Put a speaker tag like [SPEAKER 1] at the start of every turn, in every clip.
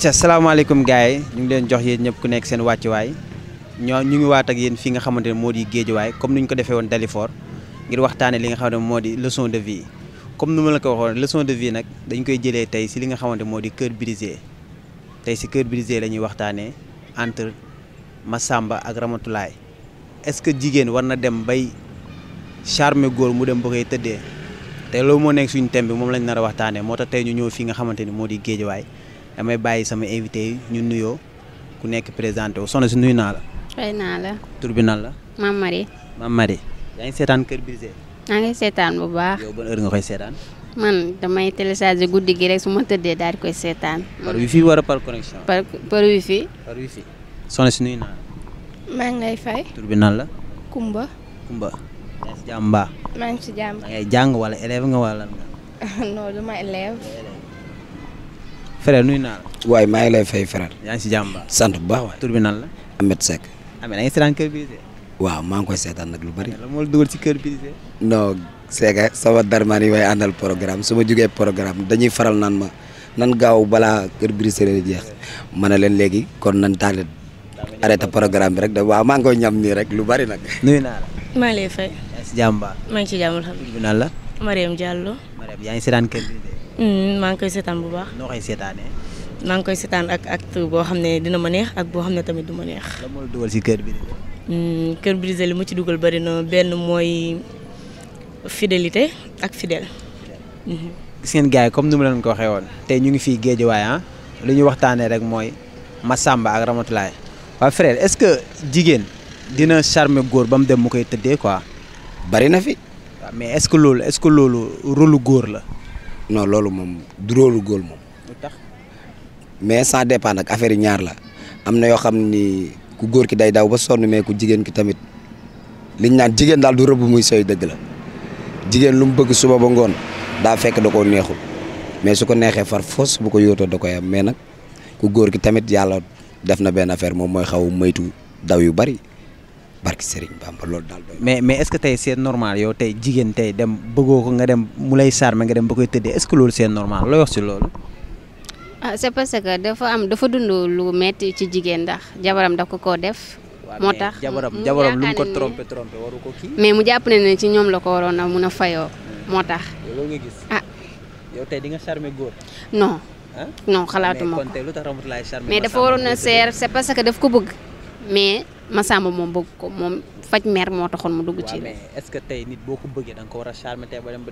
[SPEAKER 1] acca salaamaaleykum gars ñu ngi leen jox yéen ñëpp ku nekk seen wàcc waay ñoo ñu ngi waat ak yéen fi nga xamante ne moo di géej waay comme ni ñu ko defee woon Dalifort ngir waxtaanee li nga xam ne moo di leçon de vie comme ni ma la ko waxoon leçon de vie koy jëlee tey si li nga xamante moo di cœur brisé tey si cœur brisé la ñuy waxtaanee entre Massamba ak ramatulaay est-ce que jigéen war na dem bay charmer góor mu dem ba koy tëddee te loolu moo nekk suñu thème bi moom lañ nar a waxtaanee moo tax tey ñu ñëw fi nga xamante ni moo di géej waay damay bàyyi sama invité yi ñu nuyoo ku nekk présenté wu soxna si nuyu naa la. fay naa la. tur la. Mame Marie. Mame Marie yaa ngi seetaan Cœur Brisé.
[SPEAKER 2] maa ngi seetaan bu baax. yow
[SPEAKER 1] ban heure nga koy seetaan.
[SPEAKER 2] man damay télécharger guddi gi rek su ma tëddee daal di koy seetaan.
[SPEAKER 1] par wifi wala par connexion.
[SPEAKER 2] par par wifi.
[SPEAKER 1] par wifi si nuyu naa la.
[SPEAKER 3] maa ngi lay fay. tur bi nan la. Kumba.
[SPEAKER 1] Kumba. yaa ngi
[SPEAKER 3] si jàmm baax. maa jàng
[SPEAKER 1] wala élève nga wala lan nga. élève. frère nuy naa way may lay fay frère. yaa ci si sante ba. sant bu baax bi nan la. Ahmed Sek. amé da sétan seetaan kër bi de. waaw ma ngi koy sétan nak lu bari. kër bi de.
[SPEAKER 4] non Seck sama darmaan yi may programme suma ma programme dañuy faral nan ma nan gaaw bala kër bi lay jeex mané len légui kon nan talé arrêté programme bi rek da waaw ma ngi koy ñam ni rek lu bari nak nuy
[SPEAKER 5] ma lay fay. yaa si jàmm ba. ngi si Jamba nan la. Mariam Diallo. Mariam yaa
[SPEAKER 1] ngi sétan kër bi
[SPEAKER 5] Mm, maa ngi koy seetaan bu baax. noo koy seetaanee. maa ngi koy seetaan ak acte boo xam ne dina ma neex ak boo xam ne tamit du ma neex. lan moo
[SPEAKER 1] dugal si Cœur Brisé.
[SPEAKER 5] Cœur Brisé li mu ci dugal bari na benn mooy fidélité ak fidèle. Mm-hmm.
[SPEAKER 1] gis ngeen gars yi comme ni mu leen ko waxee woon tey ñu ngi fii Géejawaay ah lu ñu waxtaanee rek mooy Massamba ak ramatulaay waa frère est-ce que jigéen dina charmer góor ba mu dem mu koy tëddee quoi. bari na fi. mais est-ce que loolu est-ce que loolu rôle góor la.
[SPEAKER 4] non loolu moom du rôle góol moom. mais ça dépend nag affaire yi ñaar la am na yoo xam ni ku góor ki day daw ba sonn mais ku jigéen ki tamit liñ naan jigéen daal du rëbb muy sooy dëgg la jigéen lu mu bëgg suba ba ngoon daa fekk da koo neexul mais su ko neexee far fos bu ko yóotoo da koy am mais nag ku góor ki tamit yàlla def na benn affaire moom mooy xaw moytu daw yu bari barki Serigne Bamba loolu daal
[SPEAKER 1] doy mais mais est-ce que tey c'est normal yow tey jigéen tey dem bëggoo ko nga dem mu lay charmer nga dem ba koy tëddee est-ce que loolu c'est normal looy wax ci loolu.
[SPEAKER 2] ah c'est parce que dafa am dafa dund lu metti ci jigéen ndax jabaram daf ko koo def. moo tax jabaram jabaram lu ko trompé
[SPEAKER 1] trompé waru ko kii. mais
[SPEAKER 2] mu jàpp ne ne ci ñoom la ko waroon a mun a fayoo. Hmm. moo tax loolu nga ah.
[SPEAKER 1] di nga charmer góor. non. Ah? non xalaatuma ko mais
[SPEAKER 2] ko bëgg mais. Massamba moom bëgg ko moom faj mer moo taxoon mu dugg
[SPEAKER 1] ci. mais est-ce que tey nit boo ko bëggee da nga ko war a charmer tey ba dem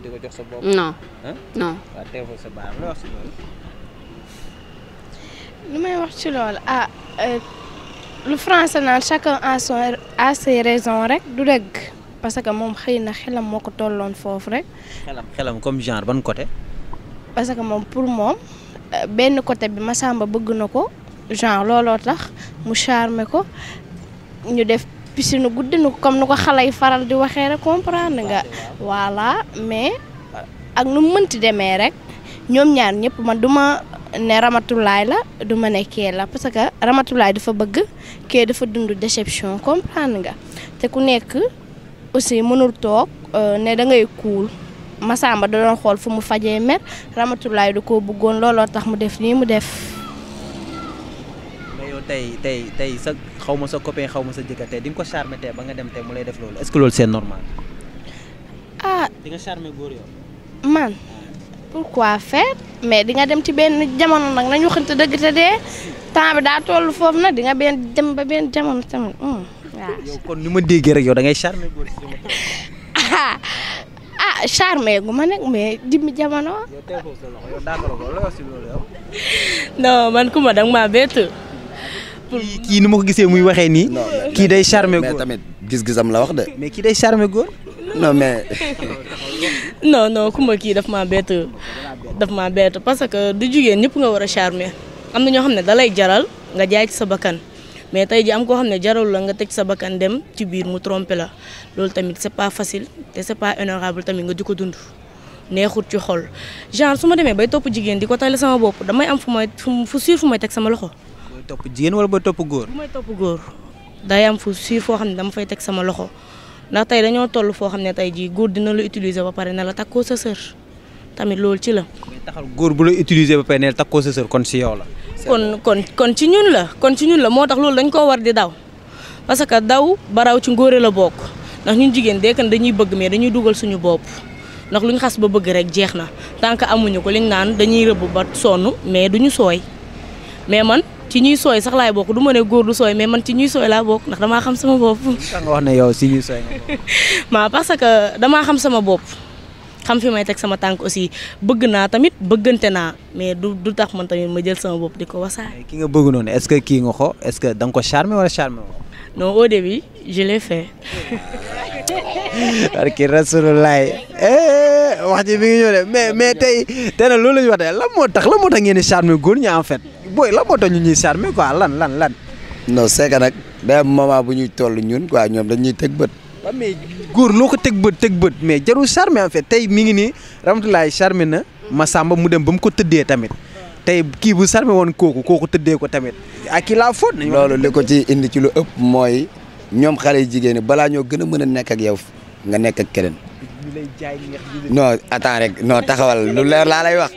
[SPEAKER 3] lu may wax ci loolu ah euh, lu français naan chacun a son a ses raisons rek du dëgg parce que moom xëy na xelam moo ko tolloon foofu rek.
[SPEAKER 1] xelam xelam comme genre ban côté.
[SPEAKER 3] parce que moom pour moom euh, benn côté bi Massamba bëgg na ko genre looloo tax mu charmer ko ñu def piscine nu guddi nu comme nu ko xale yi faral di waxee rek comprendre nga voilà mais ak nu mënti demee rek ñoom ñaar ñëpp man duma ne Ramatulaay la du ma ne kee la parce que Ramatulaay dafa bëgg kee dafa dund déception comprendre nga te ku nekk aussi mënul toog euh, ne da ngay kuul Masamba da doon xool fu mu fajee mer Ramatulaay du ko bëggoon looloo tax mu def nii mu def.
[SPEAKER 1] mais xawma sa copain xawma sa jëkkër di nga ko charmer té ba nga dem té mu lay def loolu est-ce que loolu c'est normal. ah di nga charmer goor yo
[SPEAKER 3] man pourquoi faire mais di nga dem ci ben jamono nak nañu xënte deug té dé temps bi da tollu foofu na di nga ben dem ba ben jamono tamit hmm
[SPEAKER 1] yow kon ni ma déggé rek yow da ngay charmer góor
[SPEAKER 3] ah, ah charme gu ma nekk mais dimi jamono. yo
[SPEAKER 1] yo lo ci
[SPEAKER 3] non man ku ma dang maa bett
[SPEAKER 5] kii
[SPEAKER 1] nu ma ko gisee muy waxee nii. kii day charmer góor mais gis-gisam la wax de. mais kii day charmer
[SPEAKER 5] góor. non mais. non non kumba kii daf ma bett daf maa bett parce que du jigéen ñëpp nga war a charmer am na ñoo xam ne dalay jaral nga jaay ci sa bakkan mais tey ji am koo xam ne jaral la nga teg sa bakkan dem ci biir mu tromper la loolu tamit c'est pas facile te c'est pas honorable tamit nga di ko dund. neexut ci xol genre su ma demee bay topp jigéen di ko tayal sama bopp damay am fu may fu fu suur fu may teg sama loxo.
[SPEAKER 1] topp jigéen wala booy topp góor. bu
[SPEAKER 5] may topp góor day am fu si foo xam ne dama fay teg sama loxo ndax tey dañoo toll foo xam ne tey jii góor dina lu utiliser ba pare ne la takkoo sa sër tamit loolu ci la.
[SPEAKER 1] taxal góor bu la utiliser ba pare ne la sa sër kon si yow la.
[SPEAKER 5] kon kon kon ci ñun la kon ci ñun la moo tax loolu dañ koo war di daw parce que daw baraw ci ngóore la bokk ndax ñun jigéen dee kan dañuy bëgg mais dañuy dugal suñu bopp. ndax lu ñu xas ba bëgg rek jeex na tant que amuñu ko liñ naan dañuy rëbb ba sonn mais du ñu sooy mais man ci ñuy sooy sax laay bokk du ma ne góor du sooy mais man ci ñuy sooy laa bokk ndax damaa xam sama bopp.
[SPEAKER 1] nga wax si ñuy sooy
[SPEAKER 5] nga parce que damaa xam sama bopp xam fi may teg sama tànk aussi bëgg naa tamit bëggante naa mais du du tax man tamit ma jël sama bopp di ko wasaare.
[SPEAKER 1] ki nga bëgg noonu est-ce kii nga ko est-ce que da nga ko charmer wala charmer woo.
[SPEAKER 5] non au début je l'ai fait.
[SPEAKER 1] Eh, wax ji mi ngi mais tey tey loolu la ñu wax de tax lan moo tax ngeen di góor ñi en fait. booy la moo ñu ñuy charmer quoi lan lan
[SPEAKER 4] lan. non c'est que nag ma ma moment bu ñuy toll ñun quoi ñoom ñuy teg bët. waaw mais
[SPEAKER 1] góor loo ko teg bët teg bët mais jarul charmer en fait tey mi ngi nii Ramatoulaye charmer na Massamba mu dem ba mu ko tëddee tamit tey kii bu charmer woon kooku kooku tëddee ko tamit kila kii laa
[SPEAKER 4] faute. loolu li ko ci indi ci lu ëpp mooy ñoom xale yu jigéen ñi balaa ñoo gën a mën a nekk ak yow nga nekk ak keneen. non attends rek non taxawal lu leer laa lay wax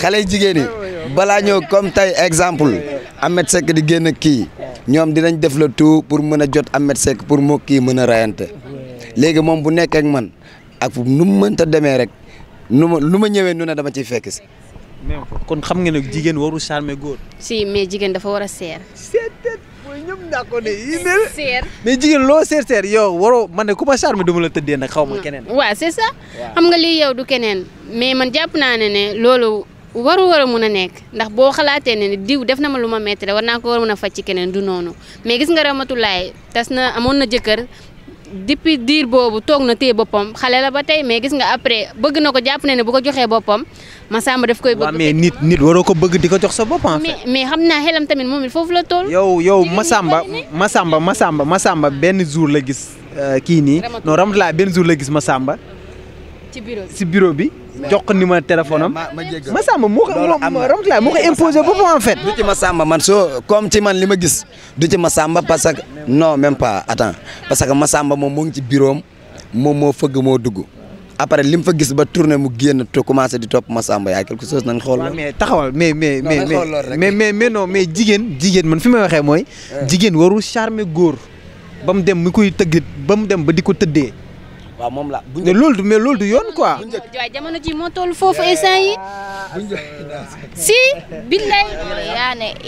[SPEAKER 4] xale jigéen yi balaa ñëw comme tey exemple Ahmed Seck di génn kii ñoom dinañ def le tout pour mën a jot Ahmed Seck pour moo kii mën a rayante léegi moom bu nekk man ak nu mu mënta deme rek nu ma lu ma ñëwee nu ne dama ciy fekk si.
[SPEAKER 1] kon xam nga ne jigéen waru charmer góor.
[SPEAKER 2] si mais jigéen dafa war a seer. ñëpp naa ko ne yi
[SPEAKER 1] loo seer seer yow waroo man ne ku ma charme duma la tëddee nag xaw ma keneen mm.
[SPEAKER 2] waaw c'est ça xam nga lii yow du keneen mais man jàpp naa ne ne loolu waru war a mun a nekk ndax boo xalaatee ne diw def na ma lu ma metti war naa ko war a mun a faj ci keneen du noonu mais gis nga Ramatulaay tas na amoon na jëkkër depuis diir boobu toog na téye boppam xale la ba tey mais gis nga après bëgg na ko jàpp na ne bu ko joxee boppam Massamba def koy. bëgg mais
[SPEAKER 1] nit nit waroo ko bëgg di ko jox sa bopp en fait.
[SPEAKER 2] xam naa xelam tamit moom it foofu la tool yow
[SPEAKER 1] yow Massamba Massamba Massamba Massamba benn jour la gis euh, kii nii. non Ramatoulaye benn jour la gis Massamba. ci bureau bi ci bureau bi. jox ko numéro téléphone am. ma
[SPEAKER 2] ma Samba moo ko Ramatoulaye moo ko
[SPEAKER 1] imposé boppam en fait. du ci ma Samba man soo comme ci man li ma gis
[SPEAKER 4] du ci ma Samba parce que non même pas attends parce que ma Samba moom moo ngi ci bureau am moo fëgg moo dugg. après li mu fa gis ba tourné mu génn te commencé di topp Massamba yaa quelque
[SPEAKER 1] chose nañ xool. waaw mais taxawal mais mais mais mais mais mais non mais jigéen jigéen man fi ma waxee mooy. jigéen warul charmer góor ba mu dem mi koy tëgg ba mu dem ba di ko tëddee. waaw moom la bu loolu du mais loolu du yoon quoi. bu
[SPEAKER 3] jamono ji moo toll foofu instant yi si billaay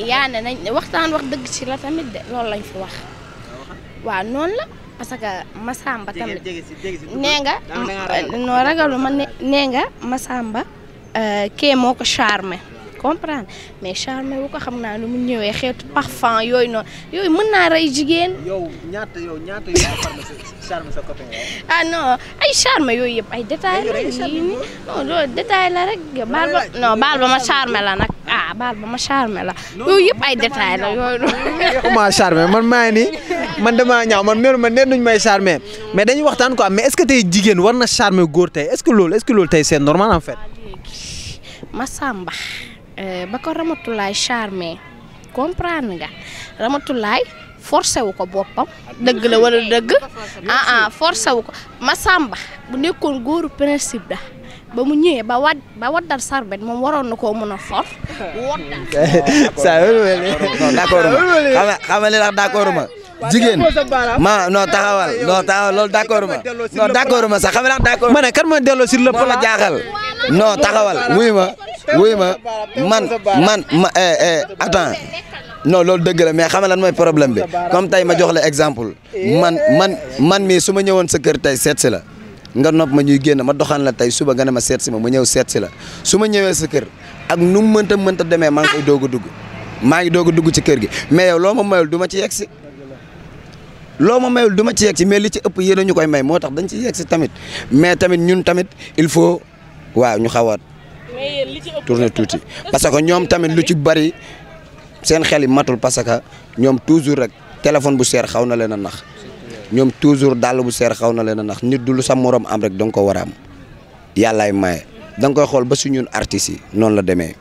[SPEAKER 3] yaa ne nañ waxtaan wax dëgg ci la tamit de loolu lañ fi wax waaw noonu la parce que Masamba tamit nee nga noo ragalu ma nee nga Masamba euh, kee moo ko charmé comprendre mais charme wu ko xam naa nu mu ñëwee xeetu parfum yooyu noonu yooyu mën naa rey jigéen. yow ñaata yow ñaata yow charme sa copain ah non ay charme yooyu yëpp ay détails la yii nii non loolu détail la rek. baal ba non baal ba ma charme la nag ah baal ba ma charme la yooyu yëpp ay détails la yooyu noonu. ma
[SPEAKER 1] charme man maa ngi nii man damaa ñaaw man nee man nee nañu may charme mais dañuy waxtaan quoi mais est-ce que tey jigéen war na charme góor tey est-ce que loolu est-ce que loolu tey c'est normal en fait. Ah,
[SPEAKER 3] Masamba Eh, ba ko Ramatulaay charmé comprendre nga Ramatulaay forcé wu ko boppam dëgg la wala dëgg ah ah forcé wu ma samba bu nekkoon góoru principe da ba mu ñëwee ba wad ba waddal sarbet moom waroon na koo mën a for.
[SPEAKER 1] saa yoo xam nga
[SPEAKER 4] xam ma. jigéen ma non taxawal non taxawal loolu d'accord ma non d'accord ma sax xam nga d'accord ma ne kan mooy delloo la le plan jaaxal noo taxawal wuy ma wuy ma man man ma eh, eh, attends non loolu dëgg la mais xam nga lan mooy problème bi comme tey ma jox la exemple man man man mii su ma ñëwoon sa kër tey seet la nga nopp ma ñuy génn ma doxan la tey suba nga ma seet si ma ma ñëw seet si la su ma ñëwee sa kër ak nu mu mënta mënta demee maa ngi koy doog a dugg maa ngi doog a ci kër gi mais loo ma mayul du ma ci yegg si loo ma mayul du ma ci yegg si mais li ci ëpp yéen ñu koy may moo tax dañ ci yegg si tamit mais tamit ñun tamit il faut waaw ñu xaw a tourner tuuti parce que ñoom tamit lu ci bari seen xel yi matul parce que ñoom toujours rek téléphone bu seer xaw na leen a nax ñoom toujours dàll bu seer xaw na leen a nax nit du sa morom am rek da nga ko war a am yàllaay maye da nga koy xool ba su ñun artistes yi noonu la demee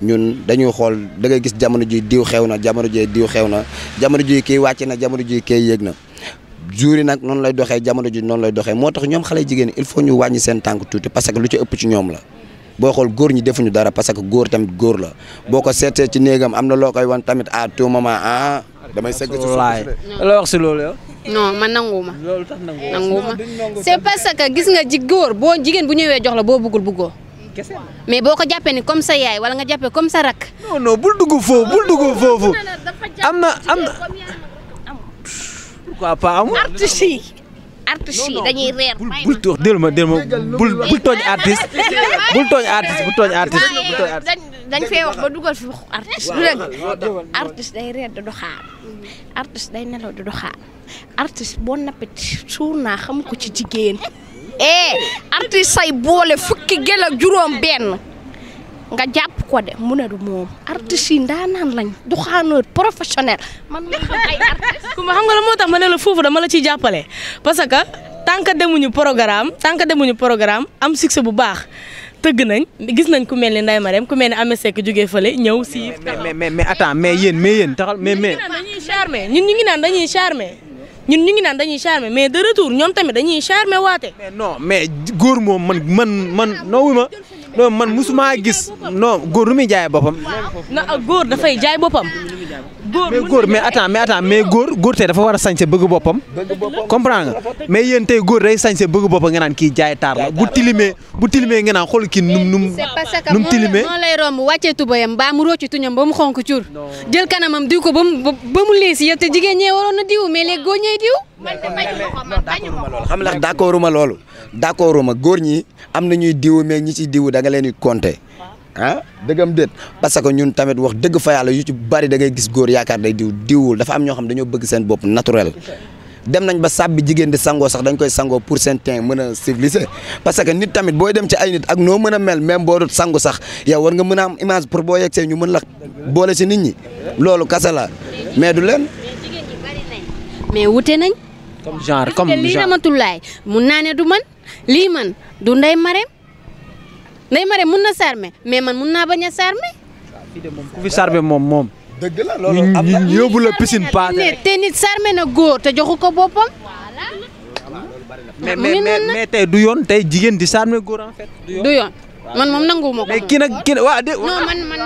[SPEAKER 4] ñun dañuy xool da ngay gis jamono ji diw xew na jamono ji diw xew na jamono ji kii wàcc na jamono ji kii yéeg na juri nak non lay doxé jamono ju non lay doxé motax ñom xalé jigen il faut ñu wañi sen tank tuuti parce que lu ci ëpp ci ñom la boo xol góor ñi ñu dara parce que góor tamit góor la boko sété ci négam amna wan tamit à tout moment ah
[SPEAKER 1] damay sék ci laay la wax si lolé
[SPEAKER 2] non man nanguma lolou tax nanguma c'est parce que gis nga ji góor bo jigen bu ñëwé jox la bo bëggul bëggoo mais boko jappé ni comme sa yaay wala nga jappé comme sa rak non non bul duggu fofu bul duggu fofu amna amna
[SPEAKER 1] pourquoi pas amul.
[SPEAKER 3] artistes yi. artistes yi dañuy reer. bul
[SPEAKER 1] bul toox ma dél ma bul bul tooñ artiste.
[SPEAKER 3] bul tooñ artiste bul tooñ artiste dañ fee wax ba dugal fi waxu du dëgg artiste day reer di doxaan. artiste day nelaw di doxaan. artiste boo nappit suur naa xam ko ci jigéen. eh say boole fukki gel ak juróom benn. nga jàpp ko de mu ne du moom artistes yi ndaanaan lañ du professionnel man
[SPEAKER 5] ma xam ay artistes. ku ma xam nga la moo tax ma ne la foofu dama la ciy jàppale parce que tant que demuñu programme tant que demuñu programme am succès bu baax tëgg nañ gis nañ ku mel ni Ndeye Marème ku mel ni Ameth Seck jógee fële ñëw si. mais mais mais
[SPEAKER 1] attends mais yéen mais yéen taxal mais mais.
[SPEAKER 5] dañuy charmer ñun ñu ngi naan dañuy charmer. ñun ñu ngi naan dañuy charmer mais de retour ñoom tamit dañuy charmer waate. mais non mais
[SPEAKER 1] góor moom man man man noo wu ma. non man musuma gis non góor lu muy jaay boppam.
[SPEAKER 5] na góor dafay jaay boppam. góor mais góor mais attends
[SPEAKER 1] mais attends mais góor góor dafa war a sañse bëgg boppam. comprendre nga mais yéen tey góor day sañse bëgg boppam nga naan kii jaay taar bu tilimee bu tilimee nga naan xool kii num num. c'est
[SPEAKER 2] parce que moo lay romb wàccee tubayam ba mu rocci tuñam ba mu xonk cuur jël kanamam diw ko ba mu ba mu jigéen ñee waroon na diw mais léegi góor ñee diw. man ma
[SPEAKER 4] ko xam nga d' ma loolu d' accord ma góor ñi am na ñuy diw mais ñi ci diw da nga leen di compter Ah, degam det parce que ñun tamit wax deug fa yalla yu ci bari da ngay gis goor yaakar day diw diwul dafa am ño xam dañu bëgg seen bop naturel dem nañ ba sabbi jigen di sango sax dañ koy sango pour sen teint meuna civilisé parce que nit tamit boy dem ci ay nit ak no meuna mel même bo do sango sax yow war nga meuna am image pour boo yegsee ñu meun la bolé si nit ñi lolu kassa la mais du len
[SPEAKER 2] mais wute nañ
[SPEAKER 1] comme genre
[SPEAKER 4] comme genre li dama
[SPEAKER 2] tullaay mun du man li man du ndey mareem Ndeye Marème mun na charmer mais man mun na baña a charmer.
[SPEAKER 1] ku fi charmer moom moom. dëgg la loolu am na yóbbu
[SPEAKER 2] te nit charmer na góor te joxu ko boppam. mais
[SPEAKER 1] mais mais tey du yoon tey jigéen di charmer góor
[SPEAKER 3] du yoon man moom nanguwuma
[SPEAKER 2] ko. mais kii bëgg rek nga
[SPEAKER 1] wax
[SPEAKER 3] ma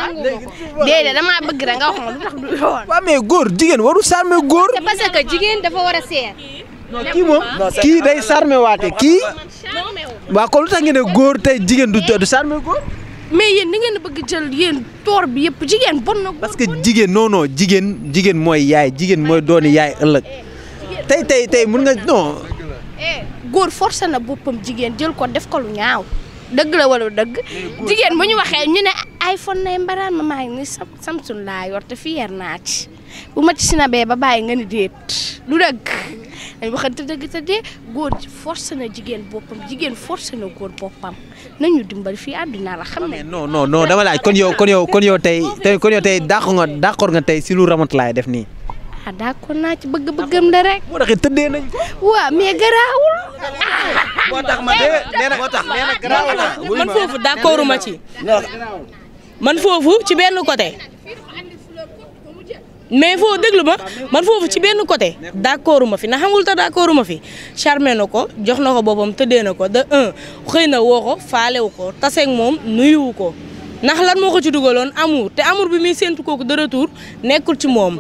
[SPEAKER 3] lu tax du yoon.
[SPEAKER 1] waaw mais góor jigéen waru
[SPEAKER 2] charmer góor. c'est parce jigéen dafa war a seer. kii moom
[SPEAKER 1] kii day sarme waate kii waaw kon lu tax ngeen góor tey jigéen du du sarme
[SPEAKER 3] góor mais yéen ni ngeen bëgg jël yéen toor bi yëpp jigéen bon na parce que
[SPEAKER 1] jigéen non jigéen jigéen mooy yaay jigéen mooy dooni yaay ëllëg eh, tey tey tey mun nga non
[SPEAKER 3] eh, góor forcé na boppam jigéen jël ko def ko lu ñaaw dëgg la wala dëgg jigéen bu ñu waxee ñu ne iPhone nay mbaraan ma maa ngi ni Samsung laa yor te fii yer naa ci bu ma ci sinabee ba bàyyi nga ni déet lu dëgg dañ waxante dëgg te dee góor force na jigéen boppam jigéen force na góor boppam nañu dimbali fii àdduna la xam ah, ne non non non dama laaj kon yow kon yow
[SPEAKER 1] kon yow tey kon yow tey dàq nga tey si lu ramat laay def nii
[SPEAKER 3] ah d'accord naa ci bëgg-bëggam la rek. boo taxee tëddee nañ ko. waaw mais garaawul.
[SPEAKER 5] moo tax ma man foofu d'accordu ma ci. man foofu ci benn côté. mais foo déglu ma man foofu ci benn côté d'accordu ma fi na xamul ta d'accordu ma fi charmé na ko jox na ko boppam tëddee na ko de un na woo ko faalewu ko taseeg moom nuyuwu ko. ndax lan moko ci dugalon amour te amour bi mi sentu koku de retour nekul ci mom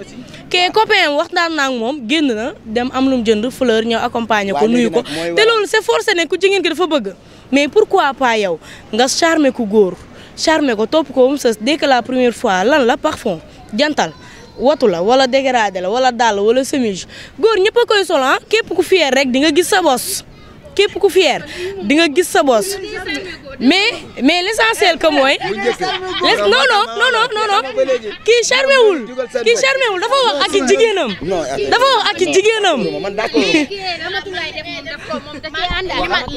[SPEAKER 5] kee copain waxtaan naa ak moom génn na dem am lu mu jënd fleur ñeu accompagner ko nuyu ko te lolu c'est forcé ne ku jigéen ki dafa bëgg mais pourquoi pas yow nga charmer ku gor charmer ko top ko mu dès que la première fois lan la parfum jantal watu la wala dégradé la wala dal wala semige gor ñepp koy solo ah, képp ku fier rek di nga gis sa boss képp ku fier di nga gis sa boss mais mais l'essentiel que mooy non non non non non non kii charmé wul kii charmé wul dafa wax ak i jigéenam
[SPEAKER 3] dafa wax ak i jigéenam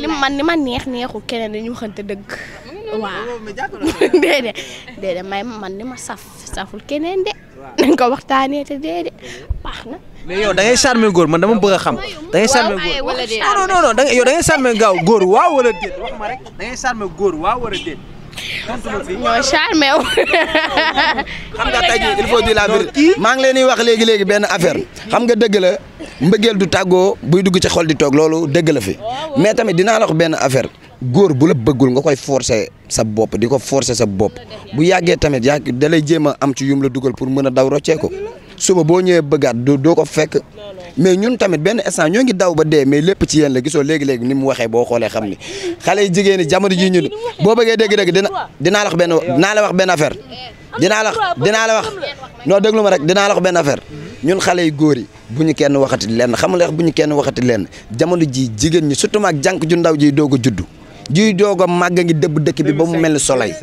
[SPEAKER 3] li man ma neex neexul keneen dañu waxante dëgg waaw oh, déedéet déedéet may man li ma saf saful keneen de nañ ko waxtaanee te déedéet baax
[SPEAKER 1] na mais yow da ngay charmer góor man dama bëgg a xam da ngay charmer góor non non non da ngay yow da ngay charmer góor waaw wala góor waaw maa
[SPEAKER 4] ngi leen di wax léegi léegi benn affaire xam nga dëgg la mbëggeel du tàggoo buy dugg ci xol di toog loolu dëgg la fi mais tamit dinaa la benn affaire góor bu la bëggul nga koy forcer sa bopp di ko forcer sa bopp bu yàggee tamit yaa dalay lay jéem a am ci yum la dugal pour mën a daw roccee ko suba boo ñëwee bëggaat doo ko fekk mais ñun tamit benn instant ñoo ngi daw ba dee mais lépp ci yéen la gisoo léegi-léegi ni mu waxee boo xoolee xam ni xale yi jigéeni ñi jamono ji ñu boo bëggee dégg-dégg dina dinaa la benn dinaa wax benn dinaa la dinaa la wax non déglu ma rek dinaa la wax ñun xale yu góor yi bu ñu kenn waxati lenn xam nga bu ñu kenn waxati lenn jamono ji jigéen ñi surtout ak jànk ju ndaw ji doog a juddu ji doog a màgg ngi dëbb dëkk bi ba mu mel ni soleil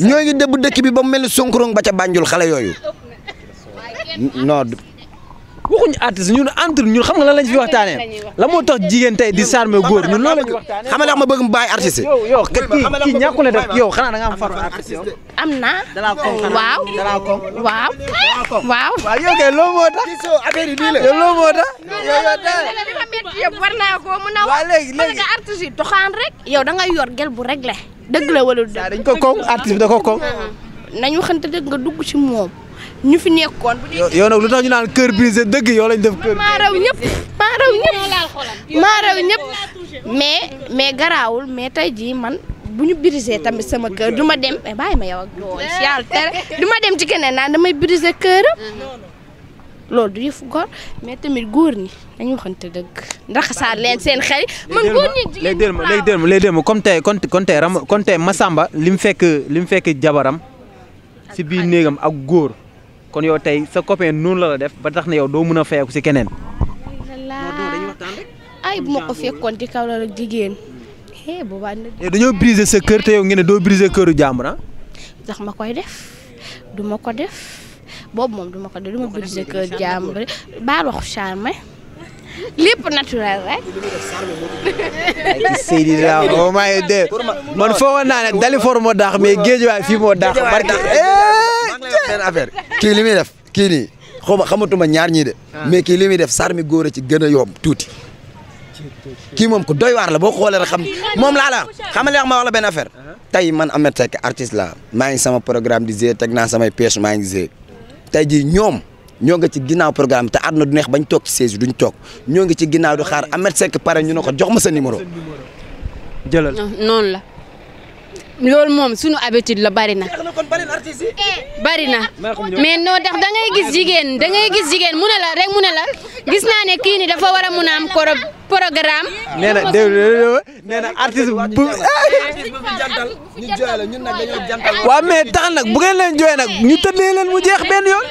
[SPEAKER 4] ñoo ngi dëbb dëkk bi ba mu mel ni sonkurong ba ca bànjul xale yooyu non
[SPEAKER 1] waxuñu artiste ñun entre ñun xam nga lan lañ fi waxtaanee la moo tax jigéen tey di sarme góor ñun loolu lañ waxtaanee xam nga la ma bëgg mu bàyyi artiste yow yow kii ñàkkul ne def yow xanaa da nga am faru artiste
[SPEAKER 3] am naa dalaa kon waaw dalaa kon waaw waaw waaw yow kay loo moo tax gisoo affaire yi nii la yow loo moo tax yow yow tey li ma métti yëpp war naa koo mën artiste yi rek yow da ngay yor gel bu réglé dëgg la wala dañ ko koŋ artiste da ko koŋ nañu xante dëgg nga dugg ci moom ñu fi nekkoon. yow nag lu tax
[SPEAKER 1] ñu naan kër brisé dëgg yow lañ def. cœur maa
[SPEAKER 3] raw ñëpp maa ñëpp maa ñëpp mais mais garaawul mais tey jii man bu ñu brisé tamit sama cœur du ma dem eh, bàyyi ma yow ak doon yàlla tere du ma dem ci keneen naan damay brisé cœuram loolu du yëfu góor mais tamit góor ñi dañu waxante dëgg ndax saa leen seen xel. man góor ñi jigéen léegi ma
[SPEAKER 1] léegi ma léegi ma comme tey kon ram kon tey Massamba li mu fekk li mu fekk jabaram si biir néegam ak góor. kon yow tey sa copain noonu la def ba tax na yow doo mun a feeku si keneen.
[SPEAKER 3] ay bu ma ko fekkoon ci kaw la rek jigéen. eh boobaa nag.
[SPEAKER 1] dañoo briser sa kër te yow ngi ne doo briser këru jàmbur ah.
[SPEAKER 3] ndax ma koy def duma ko def boobu moom duma ko def du ma briser kër jàmbur baal waxu charme. lépp naturel rek.
[SPEAKER 1] maa ngi dégg man foogoon naa ne Dalifort moo daax mais géej waay fii moo daax.
[SPEAKER 4] barke benn
[SPEAKER 1] affaire kii li muy def kii nii xaw ma
[SPEAKER 4] xamatuma ñaar ñii de. Ah. mais kii li muy def sarmi góor a ci gën a yomb tuuti. kii moom ko doy waar la boo xoolee rek xam moom laa la xam ma wax benn affaire. Uh-huh. tey man Ahmed Seck artiste la maa ngi sama programme di zee teg naa samay pièces maa ngi zee tey jii ñoom. ñoo ngi ci ginnaaw programme te àdduna du neex bañ toog ci siège duñ toog ñoo ga ci ginnaaw du xaar Ahmed Seck pare ñu ne ko jox ma
[SPEAKER 2] sa numéro. jëlal noonu la. loolu moom suñu habitude la bari na. bari na eh, mais non ndax da ngay gis jigéen da ngay gis jigéen mu ne la rek mu ne la gis naa ne kii ni dafa war a naam a am koro programme. nee
[SPEAKER 1] na déglu nee na artiste bu. waaw mais tax nag bu ngeen leen jooyee nag ñu tëddee
[SPEAKER 4] leen
[SPEAKER 5] mu jeex benn yoon.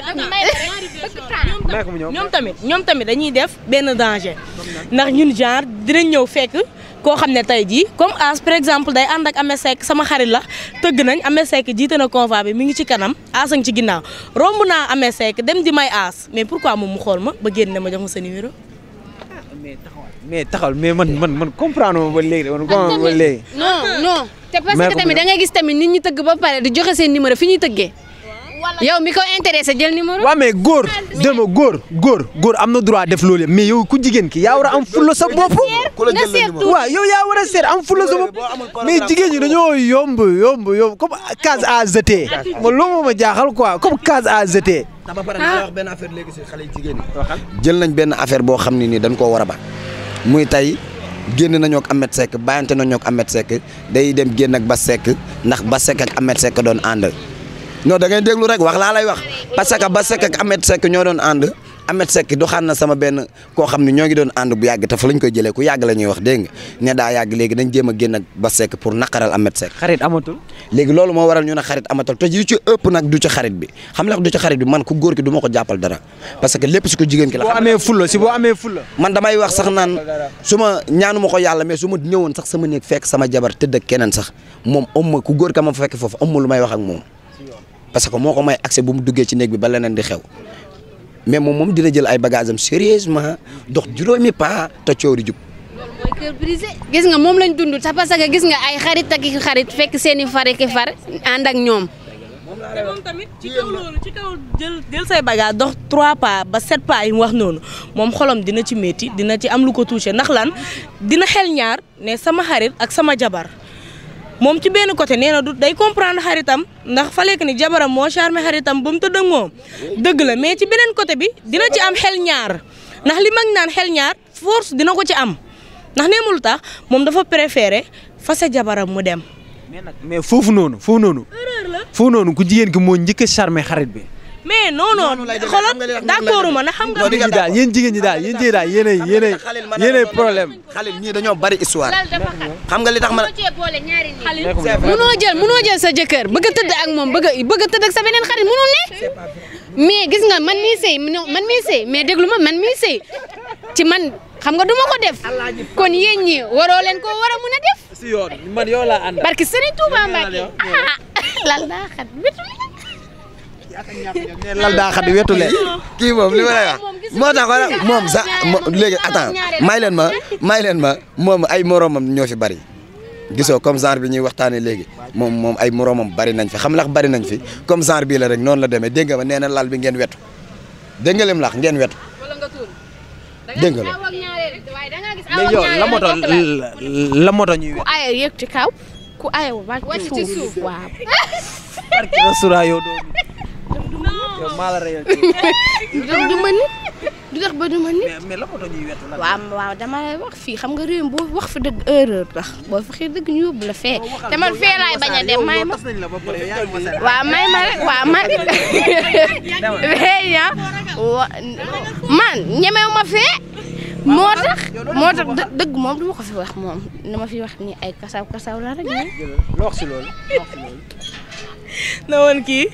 [SPEAKER 5] ñoom tamit dañuy def benn danger ndax ñun genre dinañ ñëw koo xam ne tey jii comme as par exemple day ànd ak Ameth Seck sama xarit la tëgg nañ Ameth Seck jiite na convoi bi mi ngi ci kanam as a ngi ci ginnaaw romb naa Ameth Seck dem di may as mais pourquoi moom mu xool ma ba génn ne ma jox ma sa numéro. Ah,
[SPEAKER 2] mais taxawal
[SPEAKER 1] mais taxawal mais man man man comprendre ma ba léegi man ah, comprendre ma ba léegi.
[SPEAKER 5] non non te parce que da ngay gis tamit nit ñi tëgg ba
[SPEAKER 2] pare di joxe seen numéro fi ñuy tëggee. yow mi ko intéressé jël numéro. waaw
[SPEAKER 1] mais góor dégg nga góor góor góor am na droit def loolu yëpp mais yow ku jigéen ki yaa war a am fulla sa bopp. ku la jël la numéro waaw yow yaa war a seet am fulla sa bopp mais jigéen ñi dañoo yomb yomb yomb comme case à jeter ma loolu ma jaaxal quoi comme case à jeter.
[SPEAKER 4] Ah. dama pare ah. wax benn affaire léegi si xale jigéen jël nañ benn affaire boo xam ne nii dañ koo war a ba muy tey. génn nañoo am Ahmed Seck bàyyante nañoo ak Ahmed Seck day dem génn ak Bass Seck ndax Bass Seck ak Ahmed Seck doon ànd no da ngay déglu rek wax laa lay wax parce que ba Seck ak Ahmed ñoo doon ànd Ahmed Seck du xaan na sama benn koo xam ne ñoo ngi doon ànd bu yàgg te fa lañ koy jëlee ku yàgg la ñuy wax dégg nga ne daa yàgg léegi dañ jéem a génn ak ba Seck pour naqaral Ahmed léegi loolu moo waral ñu ne xarit amatul te yu ci ëpp nag du ci xarit bi xam bi man ku góor ki du ma ko jàppal dara parce que lépp ko jigéen ki la. boo amee fulla si boo amee fulla. man damay wax sax naan ma ñaanu ma ko yàlla mais su ma ñëwoon sax sama néeg fekk sama jabar tëdd sax moom ëmma ku góor ka ma fekk foofu ëmma lu may wax ak moom parce que moo ko may accès bu mu duggee ci néeg bi ba leneen di xew mais moom moom dina jël ay bagages am sérieusement dox juróomi pa te coori jub.
[SPEAKER 2] gis nga moom lañ dund sax parce que gis nga ay xarit ak i xarit fekk seen i fare ki far ànd
[SPEAKER 5] ak ñoom. tamit ci jël say bagage dox trois pas ba sept pas yi wax noonu moom xolam dina ci métti dina ci am lu ko touché ndax lan dina xel ñaar ne sama xarit ak sama jabar. moom ci benn côté nee na du day comprendre xaritam ndax fa lekk ni jabaram moo charmé xaritam ba mu tëdd dëgg la mais ci beneen côté bi dina ci am xel ñaar ndax li mag naan xel ñaar force dina ko ci am ndax nee mu lu tax moom dafa préféré fase jabaram mu dem. mais nag
[SPEAKER 1] mais foofu noonu foofu noonu. erreur la foofu noonu ku jigéen ki moo njëkk a charmé xarit bi.
[SPEAKER 5] mais non non xoolal d'accord
[SPEAKER 1] ma na xam nga. yéen daal yéen jigéen ñi daal yéen jigéen daal yéenay yéenay yéenay problème. xalil ñii dañoo
[SPEAKER 2] bari histoire. xam nga li tax ma. xalil munoo jël munoo jël sa jëkkër bëgg a tëdd ak moom bëgg a bëgg a tëdd ak sa beneen xarit munul ne. mais gis nga man mii man mii sëy mais déglu ma man mii ci man xam nga duma ko def. kon yéen ñi waroo leen koo war a mun a def.
[SPEAKER 1] si yoon man yow laa ànd. barki
[SPEAKER 3] lal daa xat
[SPEAKER 6] lal daa xadi wetu leen
[SPEAKER 1] kii moom li
[SPEAKER 4] ma lay wax moo tax wala moom sax léegi attends may leen ma may leen ma moom ay moroomam ñoo fi bari gisoo comme genre bi ñuy waxtaanee léegi moom moom ay moroomam bari nañ fi xam lax bari nañ fi comme genre bii la rek noonu la demee dégg nga ma nee lal bi ngeen wetu dégg nga lim lax ngeen wetu
[SPEAKER 3] dégg nga léegi yow la moto
[SPEAKER 1] la moto
[SPEAKER 4] ñuy ku
[SPEAKER 3] aye yëg ci kaw ku aye wàcc ci suuf waaw. parce que yow doo yow du tax ba du ma nit. waaw dama wax fii xam nga réew boo wax fa dëgg erreur tax boo fa xëy dëgg ñu yóbbu la fee. te man fee a dem may ma waaw may ma rek waaw man. man ñemew ma fee.
[SPEAKER 6] moo tax moo tax
[SPEAKER 3] dëgg moom du ma ko fi wax moom dama fi wax ni ay kasaw kasaw la rek. loo
[SPEAKER 5] na woon kii.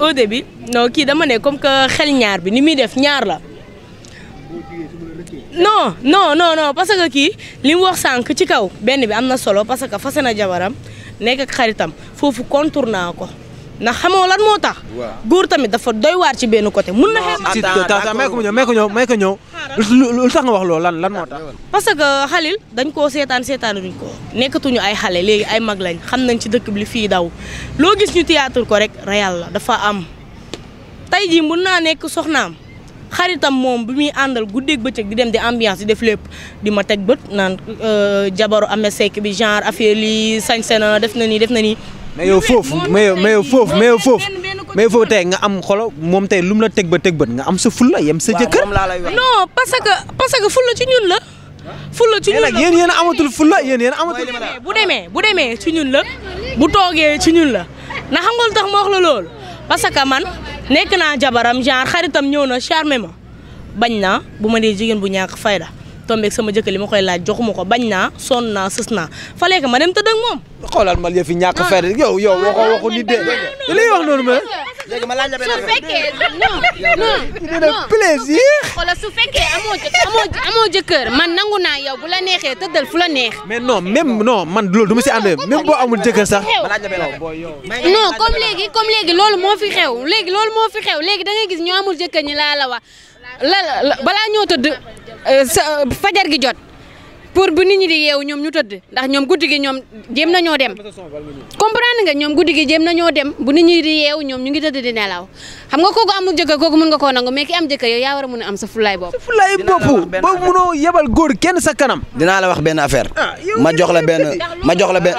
[SPEAKER 5] au
[SPEAKER 3] début non kii dama ne comme
[SPEAKER 5] que xel ñaar bi ni muy def ñaar la. no non non non parce que kii li mu wax sànq ci kaw benn bi am na solo parce que fase na jabaram nekk ak xaritam foofu contour naa ko. ndax xamoo lan moo tax. góor tamit dafa doy waar ci benn côté. mun na xeex attends may
[SPEAKER 1] ko ñëw may ko ñëw may ko ñëw lu tax nga wax loo lan lan moo tax.
[SPEAKER 5] parce que xalil dañ koo seetaan seetaan duñ ko nekkatuñu ay xale léegi ay mag lañ xam nañ ci dëkk bi li fii daw loo gis ñu théâtre ko rek rayal la dafa am. tey jii mun naa nekk soxnaam xaritam moom bi muy àndal guddee bëccëg di dem di ambiance di def lépp di ma teg bët naan euh, jabaru amee sekk bi genre affaire lii sañse na def na nii def na nii. mais yow foofu mais yow mais yow foofu mais
[SPEAKER 1] yow nga am xolo mom tey lu la teg ba teg nga am sa fulla yem sa jëkkër
[SPEAKER 5] non parce que parce que fulla ci ñun la fulla ci ñun la yéen yéen amatul fulla yéen yéen amatul bu demee bu demee ci ñun la bu toogee ci ñun la na xam tax ma wax la loolu parce que man nekk naa jabaram genre xaritam ñëw na ma bañ bu ma bu fayda tombeeg sama jëkkër li ma koy laaj joxuma ko bañ naa sonn na sës na fallait que ma dem tëdd ak moom. xoolal ma
[SPEAKER 1] yëf yi ñàkk a yo yow yow waxoo waxu nit de li
[SPEAKER 5] lay wax ma. léegi ma la benn affaire su fekkee non
[SPEAKER 2] non non plaisir. xoolal su fekkee amoo jë amoo amoo man nangu naa yow bu la neexee tëddal fu la neex.
[SPEAKER 1] mais non même non man loolu du ma si ànd même boo amul jëkkër sax. non
[SPEAKER 2] comme léegi comme léegi loolu moo fi xew léegi loolu moo amul jëkkër ñi la wax la balaa ñoo tëdd euh, fajar gi jot pour bu nit ñi di yeewu ñoom ñu tëdd ndax ñoom guddi gi ñoom na ñoo dem comprendre nga ñoom guddi gi na ñoo dem bu nit ñi di yeewu ñoom ñu ngi tëdd di nelaw xam nga kooku amul jëkkër kooku mën nga koo nangu mais ki am jëkkër yaa war a am sa fulaay bopp. sa fulaay bopp
[SPEAKER 1] ba munoo yebal góor kenn
[SPEAKER 4] sa kanam. dinaa la wax benn affaire ah,
[SPEAKER 2] ma jox la benn ma jox la benn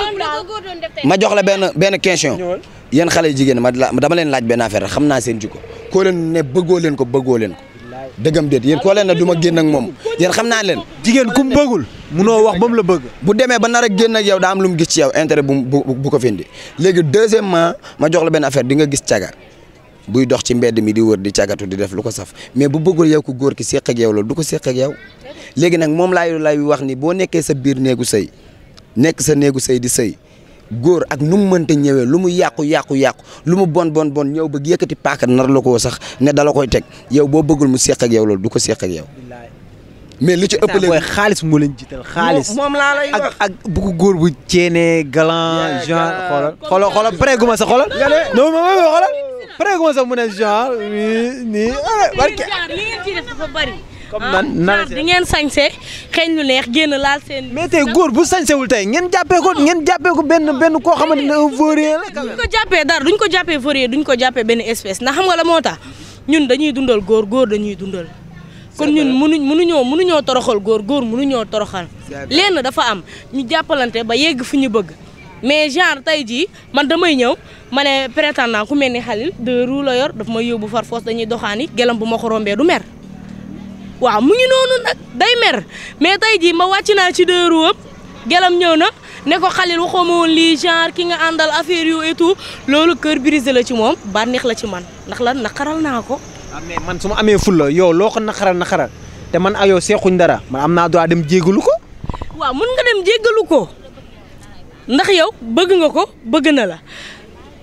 [SPEAKER 2] ma jox la
[SPEAKER 4] benn benn question yéen xale jigéen ma dama leen laaj benn affaire xam naa seen jikko koo leen ne bëggoo ko bëggoo leen dëggam déet yéen koo leen na du ma génn ak moom yéen xam na leen. jigéen ku mu bëggul munoo wax ba la bëgg. bu demee ba nar a génn ak yow daa am lu mu gis ci yow intérêt bu bu ko findi léegi deuxièmement ma jox la benn affaire di nga gis caga buy dox ci mbedd mi di wër di cagatu di def lu ko saf mais bu bëggul yow ku góor ki séq ak yow loolu du ko séq ak yow léegi nag moom laay lay wax ni boo nekkee sa biir néegu sëy nekk sa néegu sëy di sëy góor ak nu mu mënta ñëwee lu mu yàqu yàqu yàqu lu mu bon bon bon ñëw bëgg yëkkati paaka nar la koo sax ne dala koy teg yow boo bëggul mu seq ak yow loolu du ko seq ak yow. mais li ci ëpp léegi xaalis
[SPEAKER 1] moo leen jiital xaalis. moom ak ak bu góor bu ceene galant genre xoolal xoolal pare ma sa xoolal. non non non ma sa mu ne genre nii nii.
[SPEAKER 5] Eh, barke li ngeen ciy comme ah, nan di ngeen sañse xeeñ lu neex génn laal seen. mais tey góor bu sañsewul
[SPEAKER 1] tey ngeen jàppee ko ngeen jàppee ko benn benn koo xamante ne
[SPEAKER 5] vaurien la. duñ ko jàppee dara duñ ko jàppee du duñ ko jàppee benn espèce ndax xam nga la moo tax ñun dañuy dundal góor góor dañuy dundal. kon ñun mënuñ mënuñoo mënuñoo toroxal góor góor mënuñoo toroxal. lenn dafa am ñu jàppalante ba yegg fu ñu bëgg. mais genre tey jii man damay ñëw ma ne prétendant ku mel ni xalil de roue la yor daf may yóbbu far foos dañuy doxaani gelam bu ma ko rombee du mer. waaw mu ngi noonu nag day mer mais tey jii ma wàcc naa ci deux roues gelam ñëw na ne ko xalil waxoo ma woon lii genre ki nga àndal affaire yu et tout loolu cœur brisé la ci moom bànneex la ci man ndax lan naqaral naa ko. Ah, mais
[SPEAKER 1] man su ma amee fulla yow loo ko naqaral naqaral te man ak yow dara man am naa dem
[SPEAKER 5] ko. waaw mun nga dem jégalu ko ndax yow bëgg nga ko bëgg na la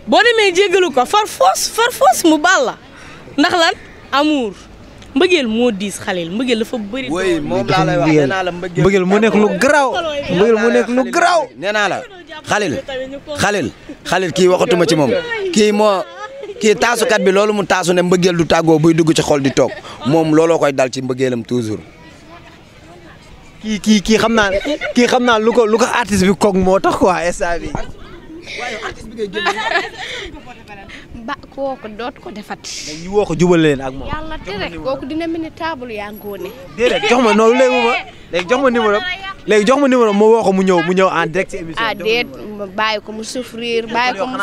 [SPEAKER 5] boo demee ko far force far force mu ndax lan amour. mbëggeel moo diis xaleel mbëggeel dafa bëri. oui moom laa lay wax nee naa la mbëggeel mbëggeel
[SPEAKER 4] moo nekk lu garaaw mbëggeel moo nekk lu garaaw nee naa la xaleel xaleel xaleel kii waxatuma ci moom kii moo kii taasukat bi loolu mu taasu ne mbëggeel du tàggoo buy dugg ci xol di toog moom looloo koy dal ci mbëggeelam toujours.
[SPEAKER 1] kii kii xam naa kii xam naa lu lu ko artiste bi koog moo tax ko instant
[SPEAKER 3] bi ba kooku doot ko defat. ñu
[SPEAKER 1] woo ko jubal leen ak moom.
[SPEAKER 3] yàlla tere dina mel ni table yaa ngóone. déedéet jox ma noonu léegi ma
[SPEAKER 1] léegi jox ma numéro léegi woo ko mu ñëw mu ñëw en direct ci émission
[SPEAKER 3] ah déet ma bàyyi ko mu souffrir bàyyi ko mu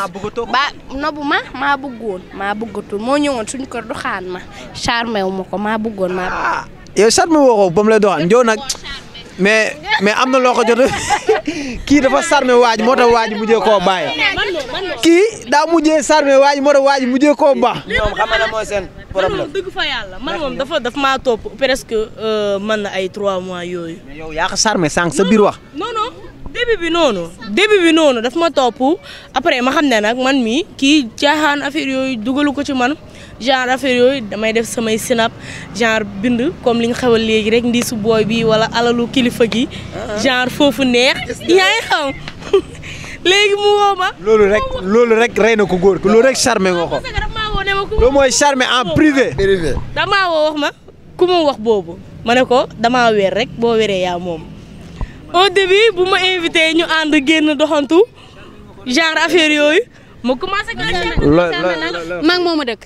[SPEAKER 3] ba nobu ma maa bëggoon maa bëggatul moo ñëwoon suñu kër doxaan ma charmé wu ma ko maa bëggoon maa. Ah,
[SPEAKER 1] yow charmé woo ko ba mu lay nag. mais mais am na loo ko jot kii dafa sarme waaj moo tax waaj mujjee koo bàyyi kii daa mujjee sarme waaj moo waaj mujjee koo baax. ñoom xam na mooy seen
[SPEAKER 5] problème dëgg fa yàlla man moom dafa daf maa topp presque euh, man na ay 3 mois yooyu. mais yow yaa ko sarme sànq sa biir wax. non non bi noonu début bi noonu daf ma top après ma xam ne nag man mi kii caaxaan affaire yooyu dugalu ko ci man. genre affaire yooyu damay def samay sinap genre bind comme li nga xewal léegi rek ndi su booy bi wala alalu kilifa gi. Uh-huh. genre foofu neex. yaa xam léegi mu woo
[SPEAKER 1] loolu rek loolu rek rey na ko góor loolu rek charmé nga ko. loolu mooy charmé en privé.
[SPEAKER 5] privé damaa woo wax ma ku ma wax boobu ma ne ko damaa weer rek boo weeree yaa moom. au début bu ma invité ñu ànd génn doxantu genre affaire yooyu ma commencé. la la la la
[SPEAKER 2] moom a dëkk.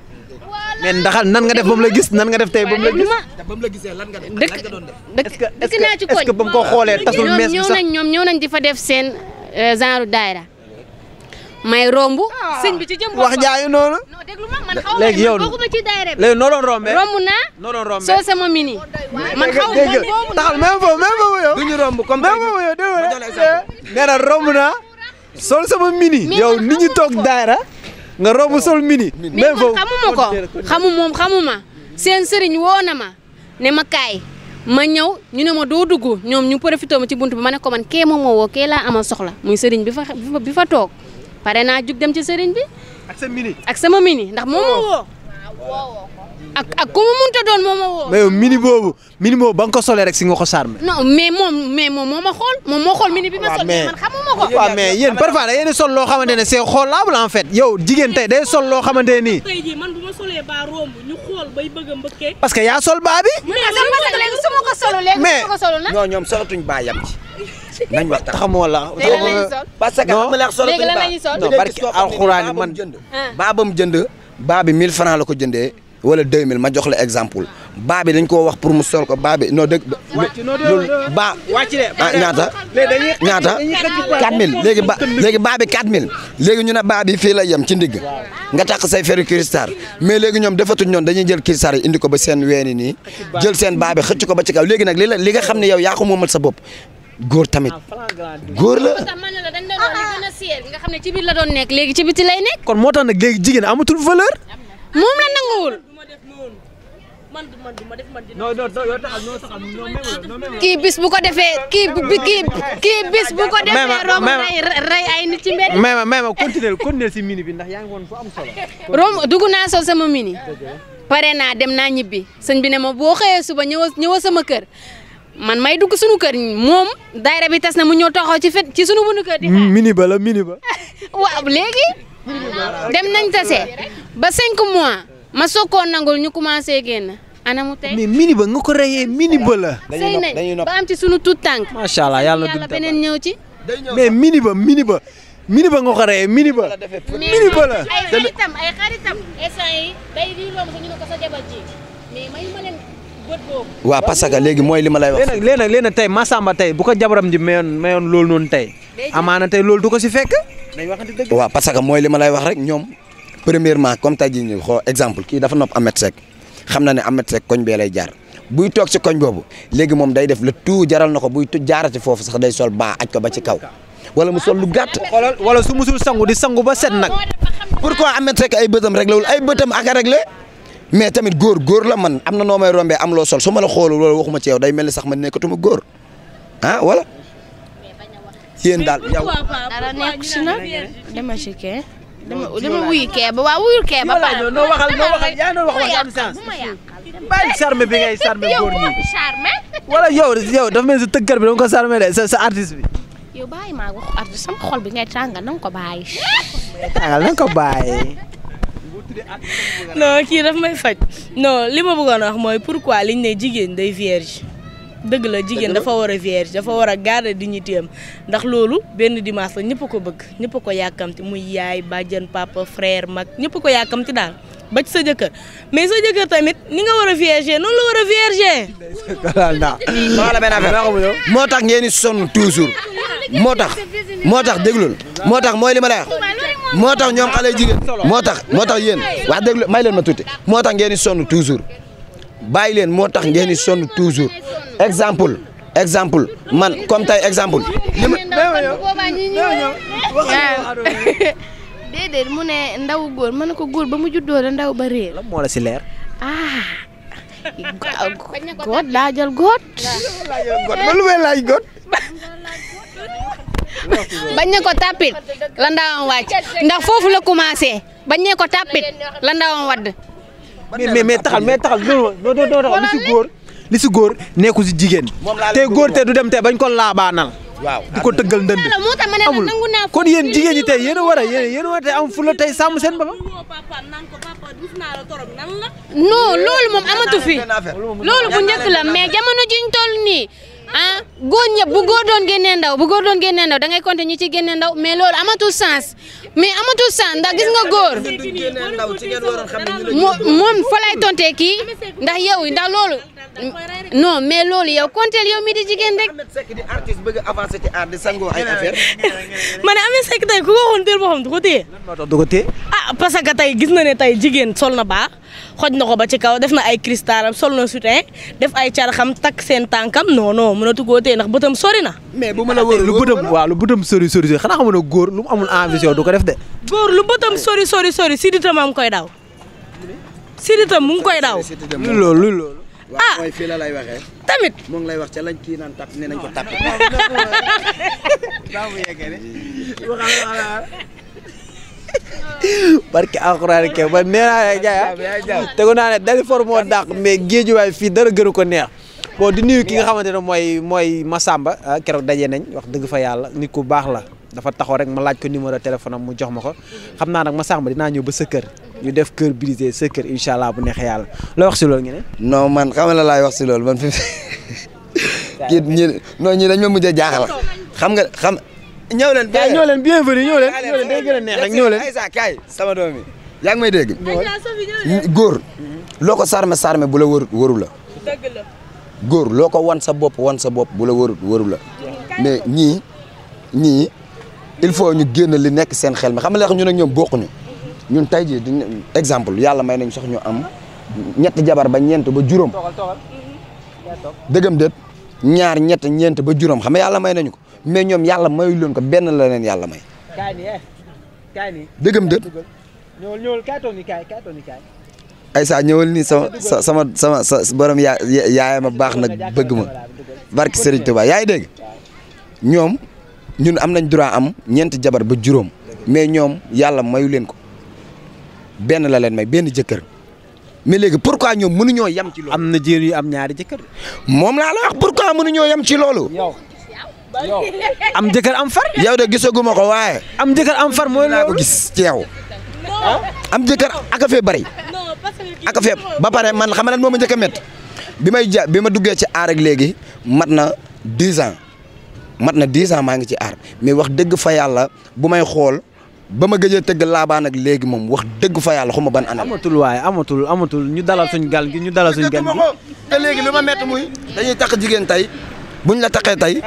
[SPEAKER 1] mais ndaxal nan nga def ba la gis nan nga def tey ba mu la gis.
[SPEAKER 5] ba mu la
[SPEAKER 4] gisee lan
[SPEAKER 2] nga def lan nga doon def. dëkk dëkk naa ci koñ est ce que est ko xoolee tasul mees bi sax nañ ñoom fa def seen euh, genre daayira may romb. Ah. sëñ bi ci jëm wax jaayu noonu. ma léegi yow léegi noo doon rombee. romb naa. noo doon rombee soo mini. man xaw ma dégg
[SPEAKER 1] taxal même foofu même foofu romb comme même foofu yow dégg nga eh, na sol sama mini. yow ni ñu toog daayira nga romb sol mini. mais man xamuma ko
[SPEAKER 2] xamu moom xamuma seen sëriñ woo na ma ne ma kaay ma ñëw ñu ne ma doo dugg ñoom ñu profité ma ci bunt bi ma ne ko man kee moom woo kee laa ama soxla muy sëriñ bi fa bi fa toog pare naa jug dem ci sëriñ bi. ak sa mini ak sama mini ndax moom moo oh. woo. ak ak ku mu doon moo
[SPEAKER 1] ma yow mini boobu mini boobu ba nga ko solee rek si nga ko charmé.
[SPEAKER 2] non moom mais moom moo ma xool moom moo xool mini bi ma sol. mais
[SPEAKER 1] man
[SPEAKER 5] xamuma ko. waaw
[SPEAKER 1] loo xamante ne c'est xoolable en fait yow jigéen tey day sol loo xamante ne nii.
[SPEAKER 5] tey jii man bu ñu xool bay bëgg a parce que yaa sol baa bi. mais léegi su ma ko solo ko solo nag.
[SPEAKER 1] ñoom solatuñ baa yam ci. nañ wax taxamoo
[SPEAKER 4] parce que xam nga man ah. baa ba mu jënd baa bi 1000 francs la ko jëndee wala 2000 ma jox la exemple baa bi dañ koo wax pour mu sol ko baa bi non dëgg loolu baa ah, ñaata ñaata 4000 léegi ba léegi baa bi 4000 léegi ñu ne baa bi fii lay yem ci ndigg nga takk say feru cristal mais léegi ñoom defatuñ ñoon dañuy jël cristal indi ko ba seen weeni nii jël seen baa bi xëcc ko ba ci kaw léegi nag li la li nga xam ne yow yaa ko sa bop góor tamit ah, góor la. nga
[SPEAKER 2] xam la doon nekk léegi ci biti lay nekk. kon moo tax nag léegi jigéen amatul valeur. moom la nanguwul.
[SPEAKER 5] kii bis bu ko defee kii kii
[SPEAKER 2] kii bis bu ko defee romb rey rey ay nit ci mbedd. mais ma
[SPEAKER 1] mais ma continuer continuer si mini bi ndax yaa
[SPEAKER 2] ngi woon fu am solo. romb dugg naa sama mini. pare na dem naa ñibbi sëñ bi ne ma boo xëyee suba ñëwa ñëwa sama kër. man may dugg sunu kër mom daayira bi tas na mu ñëw taxaw ci fet ci sunu bunu kër di
[SPEAKER 1] xaar mini ba la mini ba
[SPEAKER 2] waaw léegi dem nañ tase ba cinq mois ma soog koo nangul ñu commencé génn. ana mu tey mais mini ba nga ko
[SPEAKER 1] reyee mini ba la. sëy
[SPEAKER 2] nañ ci sunu tuut tànk. macha allah yàlla du beneen ñëw ci. mais
[SPEAKER 1] mini ba mini ba mini ba nga ko reyee mini la
[SPEAKER 2] ay xaritam ay ko sa jabar ji mais
[SPEAKER 1] que léegi mooy li ma lay wax. léegi nag léegi nag léegi nag tey Massamba tey bu ko jabaram ji mayoon mayoon loolu tey. amaana tey loolu du ko si fekk. nañ waxante dëgg.
[SPEAKER 4] waaw parce que mooy li ma lay wax rek ñoom premièrement comme tay jii ñu xoo exemple ki dafa nopp amet Seck xamna na ne Ahmed Seck koñ be lay jaar buy tok ci koñ bobu léegi mom day def le tout jaral nako buy tout jaar ci fofu sax day sol ba acc ko ba ci kaw wala mu sol lu gatt wala su musul sangu di sangu ba set nak pourquoi amet Seck ay beutam rek lawul ay beutam ak rek le mais tamit gor gor la man amna no may rombe am lo sol suma la xol loolu waxuma ci yow day melni sax man nekatuma gor ah wala. yéen
[SPEAKER 3] dal. yow dara nek ci na dama ci ke dama dama wuyu kee ba waa wuyu kee ba. pare noo waxal noo waxal yaa noo waxal am sens. bàyyi charme bi ngay charme góor ñi. wala yow
[SPEAKER 1] yow dafa mel ni sa tëggkat bi dama ko charme de sa sa artiste bi.
[SPEAKER 3] yow bàyyi maa wax artiste sama xol bi ngay tàngal na nga ko bàyyi. tàngal
[SPEAKER 1] na nga ko bàyyi.
[SPEAKER 5] non kii daf may faj non li ma bëggoon wax mooy pourquoi liñ ne jigéen day vierge. dëgg la jigéen dafa war a vierge dafa war a garder dignité am ndax loolu benn dimanche la ñëpp ko bëgg ñëpp ko yàkkamti muy yaay bàjjan papa frère mag ñëpp ko yàkkamti daal ba ci sa jëkkër mais tamit ni nga war a vierge noonu la war
[SPEAKER 4] vierge. maa la benn affaire moo tax ngeen di sonn toujours moo tax moo tax déglul moo tax mooy li ma lay wax moo tax ñoom xale jigéen moo tax moo tax yéen wax déglu may leen ma tuuti moo tax ngeen di toujours bàyyi leen moo tax ngeen di toujours. Example, example, man comme example. exemple
[SPEAKER 3] li mu ne ndaw goor man ko goor ba mu juddo ndaw ba mo la ci leer ah god, la jël god la jël god
[SPEAKER 2] bañ ko tapit la ndawam wacc ndax fofu la commencé bañ ko tapit la ndawam wad mais mais taxal mais
[SPEAKER 1] taxal do do do do li si góor nekku si jigéen te góor te du dem te bañ ko laabaanal waaw di ko tëggal ndënd amul kon yéen jigéen ñi tey yéen a war a yéen a war a tey am fula tey sàmm seen bopp.
[SPEAKER 2] non loolu moom amatu fi loolu bu njëkk la mais jamono jiñ toll nii. ah góor ñëpp bu góor doon génnee ndaw bu góor doon génnee ndaw da ngay compter ñu ci génnee ndaw mais loolu amatul sens mais amatul sens ndax gis nga góor moom fa lay tontee kii ndax yow ndax loolu non mais loolu yow compter yow mi di jigéen rek.
[SPEAKER 5] ma ne Ameth Seck tey ku ko waxoon teel boo xam du ko téye. du ko téye. Ah, parce que tey gis na ne tey jigéen sol na baax xoj na ko ba ci kaw def na ay cristal am sol na soutien def ay carxam takk seen tànkam non non. mënatu koo téye ndax bëtam sori na. mais bu ma la wóoree lu bëtam
[SPEAKER 1] waaw lu bëtam sori sori sori xanaa xamu ne góor lu mu amul ambition du ko def de.
[SPEAKER 5] góor lu bëtam sori sori sori si ditam am koy daw. si ditam mu ngi koy daw. lu
[SPEAKER 1] loolu lu loolu.
[SPEAKER 5] ah mooy fii la lay
[SPEAKER 4] waxee. tamit mu ngi lay wax ca lañ kii naan tàpp nee nañ ko tàpp.
[SPEAKER 1] barke alxuraan ke ba nee naa ne gars ah. tegu naa ne dali for moo dàq mais géejuwaay fii dara gënu ko neex. bon di nuyu ki nga xamante ne mooy mooy Massamba ah, keroog daje nañ wax dëgg fa yàlla nit ku baax la dafa taxaw rek ma laaj ko numéro téléphone am mu jox ma ko xam naa nag Massamba dinaa ñëw ba sa kër ñu def kër brisé sa kër incha allah bu neexee yàlla loo wax si loolu ngi ne. man xam la laay wax si loolu man
[SPEAKER 4] fi kii a jaaxal xam nga xam. leen bien ñëw leen bienvenue ñëw leen ñëw yaa ngi may dégg góor loo sarme sarme bu la wër la góor loo ko wan sa bopp wan sa bopp bu la wëru wëru la mais ñii ñii il faut ñu génn li nekk seen xel mi xam nga ñun ak ñoom bokkuñu ñun tey jii di exemple yàlla may nañ sax ñu am ñett jabar ba ñeent ba juróom dëggam déet ñaar ñett ñeent ba juróom xam nga yàlla may nañu ko mais ñoom yàlla mayu loon ko benn la leen yàlla may.
[SPEAKER 1] Eh. dëggam déet. ñëwal ñëwal kaay
[SPEAKER 4] Aïssa ñëwal nii sama sama sama sa borom yaa yaayam a baax nag bëgg ma barki Serigne Touba yaa ngi dégg ñoom ñun am nañ droit am ñeenti jabar ba juróom mais ñoom yàlla mayu leen ko benn la leen may benn jëkkër mais léegi pourquoi ñoom mënuñoo yem ci loolu. am na jigéen yu am ñaari jëkkër. moom laa la wax pourquoi mënuñoo yem ci loolu. yow
[SPEAKER 5] yow am jëkkër am far.
[SPEAKER 4] yow de gisaguma ko waaye. am jëkkër am far mooy loolu gis ci yow. Ah? am jëkkër ak fee bari. ak fépp ba pare man xam nga lan moo ma njëkk a métti bi may jaa bi ma duggee ci aar léegi mat na dix ans mat na dix ans maa ngi ci aar mais wax dëgg fa yàlla bu may xool ba ma gëjee tëgg laabaan ak léegi moom wax dëgg fa yàlla xuma ban année. amatul waaye amatul amatul ñu dalal suñ gal gi ñu dalal suñ gal gi te léegi li ma métti muy. dañuy takk jigéen tey bu buñ la takkee tey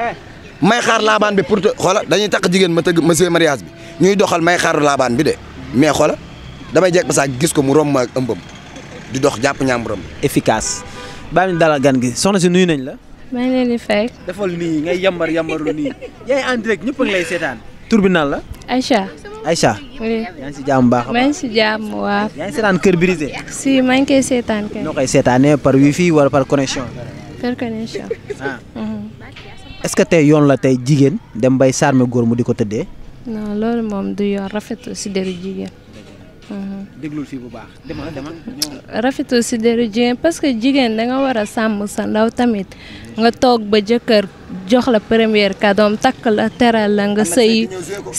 [SPEAKER 4] may xaar laabaan bi pour te xoola dañuy takk jigéen ma tëgg monsieur mariage bi ñuy doxal may xaar laabaan bi de mais xoola damay jekk ba
[SPEAKER 1] gis ko mu romb ak di dox japp ñambaram efficace bam ñu dalal gan gi soxna si nuyu nañ la
[SPEAKER 6] may leen di fekk
[SPEAKER 1] defal ni ngay yambar lu ni yaay en direct ñepp ak lay sétane tur bi nan la aisha aisha oui yaa ngi si baax maa
[SPEAKER 6] ngi si jàmm waaw yaa ngi keur brisé si may ngay sétane kay nokay
[SPEAKER 1] sétane par wifi wala par connexion
[SPEAKER 6] par connexion ah
[SPEAKER 1] est ce que tay yon la tay jigen dem bay sarme gor mu di ko
[SPEAKER 6] non lolu mom du yoon rafetu si deru jigen déglul
[SPEAKER 1] fii bu baax demal demal.
[SPEAKER 6] rafetlu si deru jigéen parce que jigéen da nga war a sàmm sa ndaw tamit nga toog ba jëkkër jox la premier cadeau takk la teral la nga sëy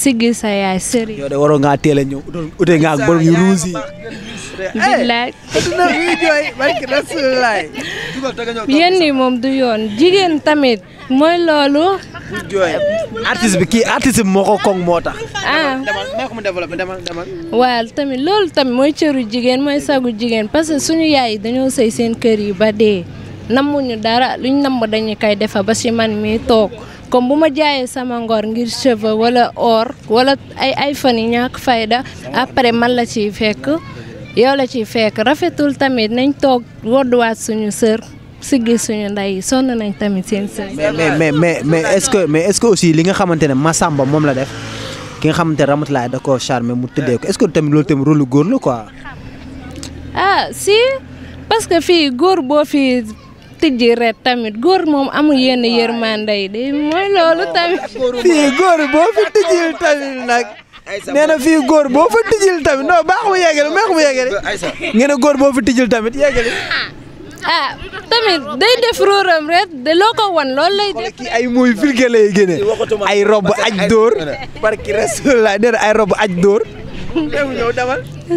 [SPEAKER 6] sigi sa yaay sëri
[SPEAKER 1] yow de waro nga teel a ñëw nga ak borom yu rouge
[SPEAKER 6] yi du yoon tamit mooy loolu
[SPEAKER 1] artiste bi kii artiste bi moo ko koŋ moo
[SPEAKER 6] ah. tamit tamit cëru sagu jigen, parce que suñu yaay dañoo seen kër yi ba dee nammuñu dara luñ namm dañu koy defar ba si man mi toog comme bu ma jaayee sama ngor ngir cheveux wala or wala ay iPhone yi ñàkk fayda après man la ci fekk yow la ciy fekk rafetul tamit nañ toog wodduwaat suñu sër siggi suñu ndey sonn nañ tamit seen sër. mais
[SPEAKER 1] mais mais est que mais est-ce aussi li nga xamante ne Massamba moom la def ki nga xamante ne Ramatoulaye da koo charmé mu tëddee ko est-ce que tamit loolu tamit rôle lu góor la quoi.
[SPEAKER 6] ah si parce que fii góor boo fi. tijji ret tamit góor moom amul yenn yërmande yi de mooy loolu tamit. fii góor bo
[SPEAKER 1] fi tijjil tamit nag nee na fii góor boo fa tijjil tamit non baax mu yeggale baax mu yeggale ngeen ne góor boo fi tijjil tamit yeggale.
[SPEAKER 6] ah tamit day def ruuram rek de lo ko wan loolu lay def. kii ay
[SPEAKER 1] muy filke lay génne ay rob aj dóor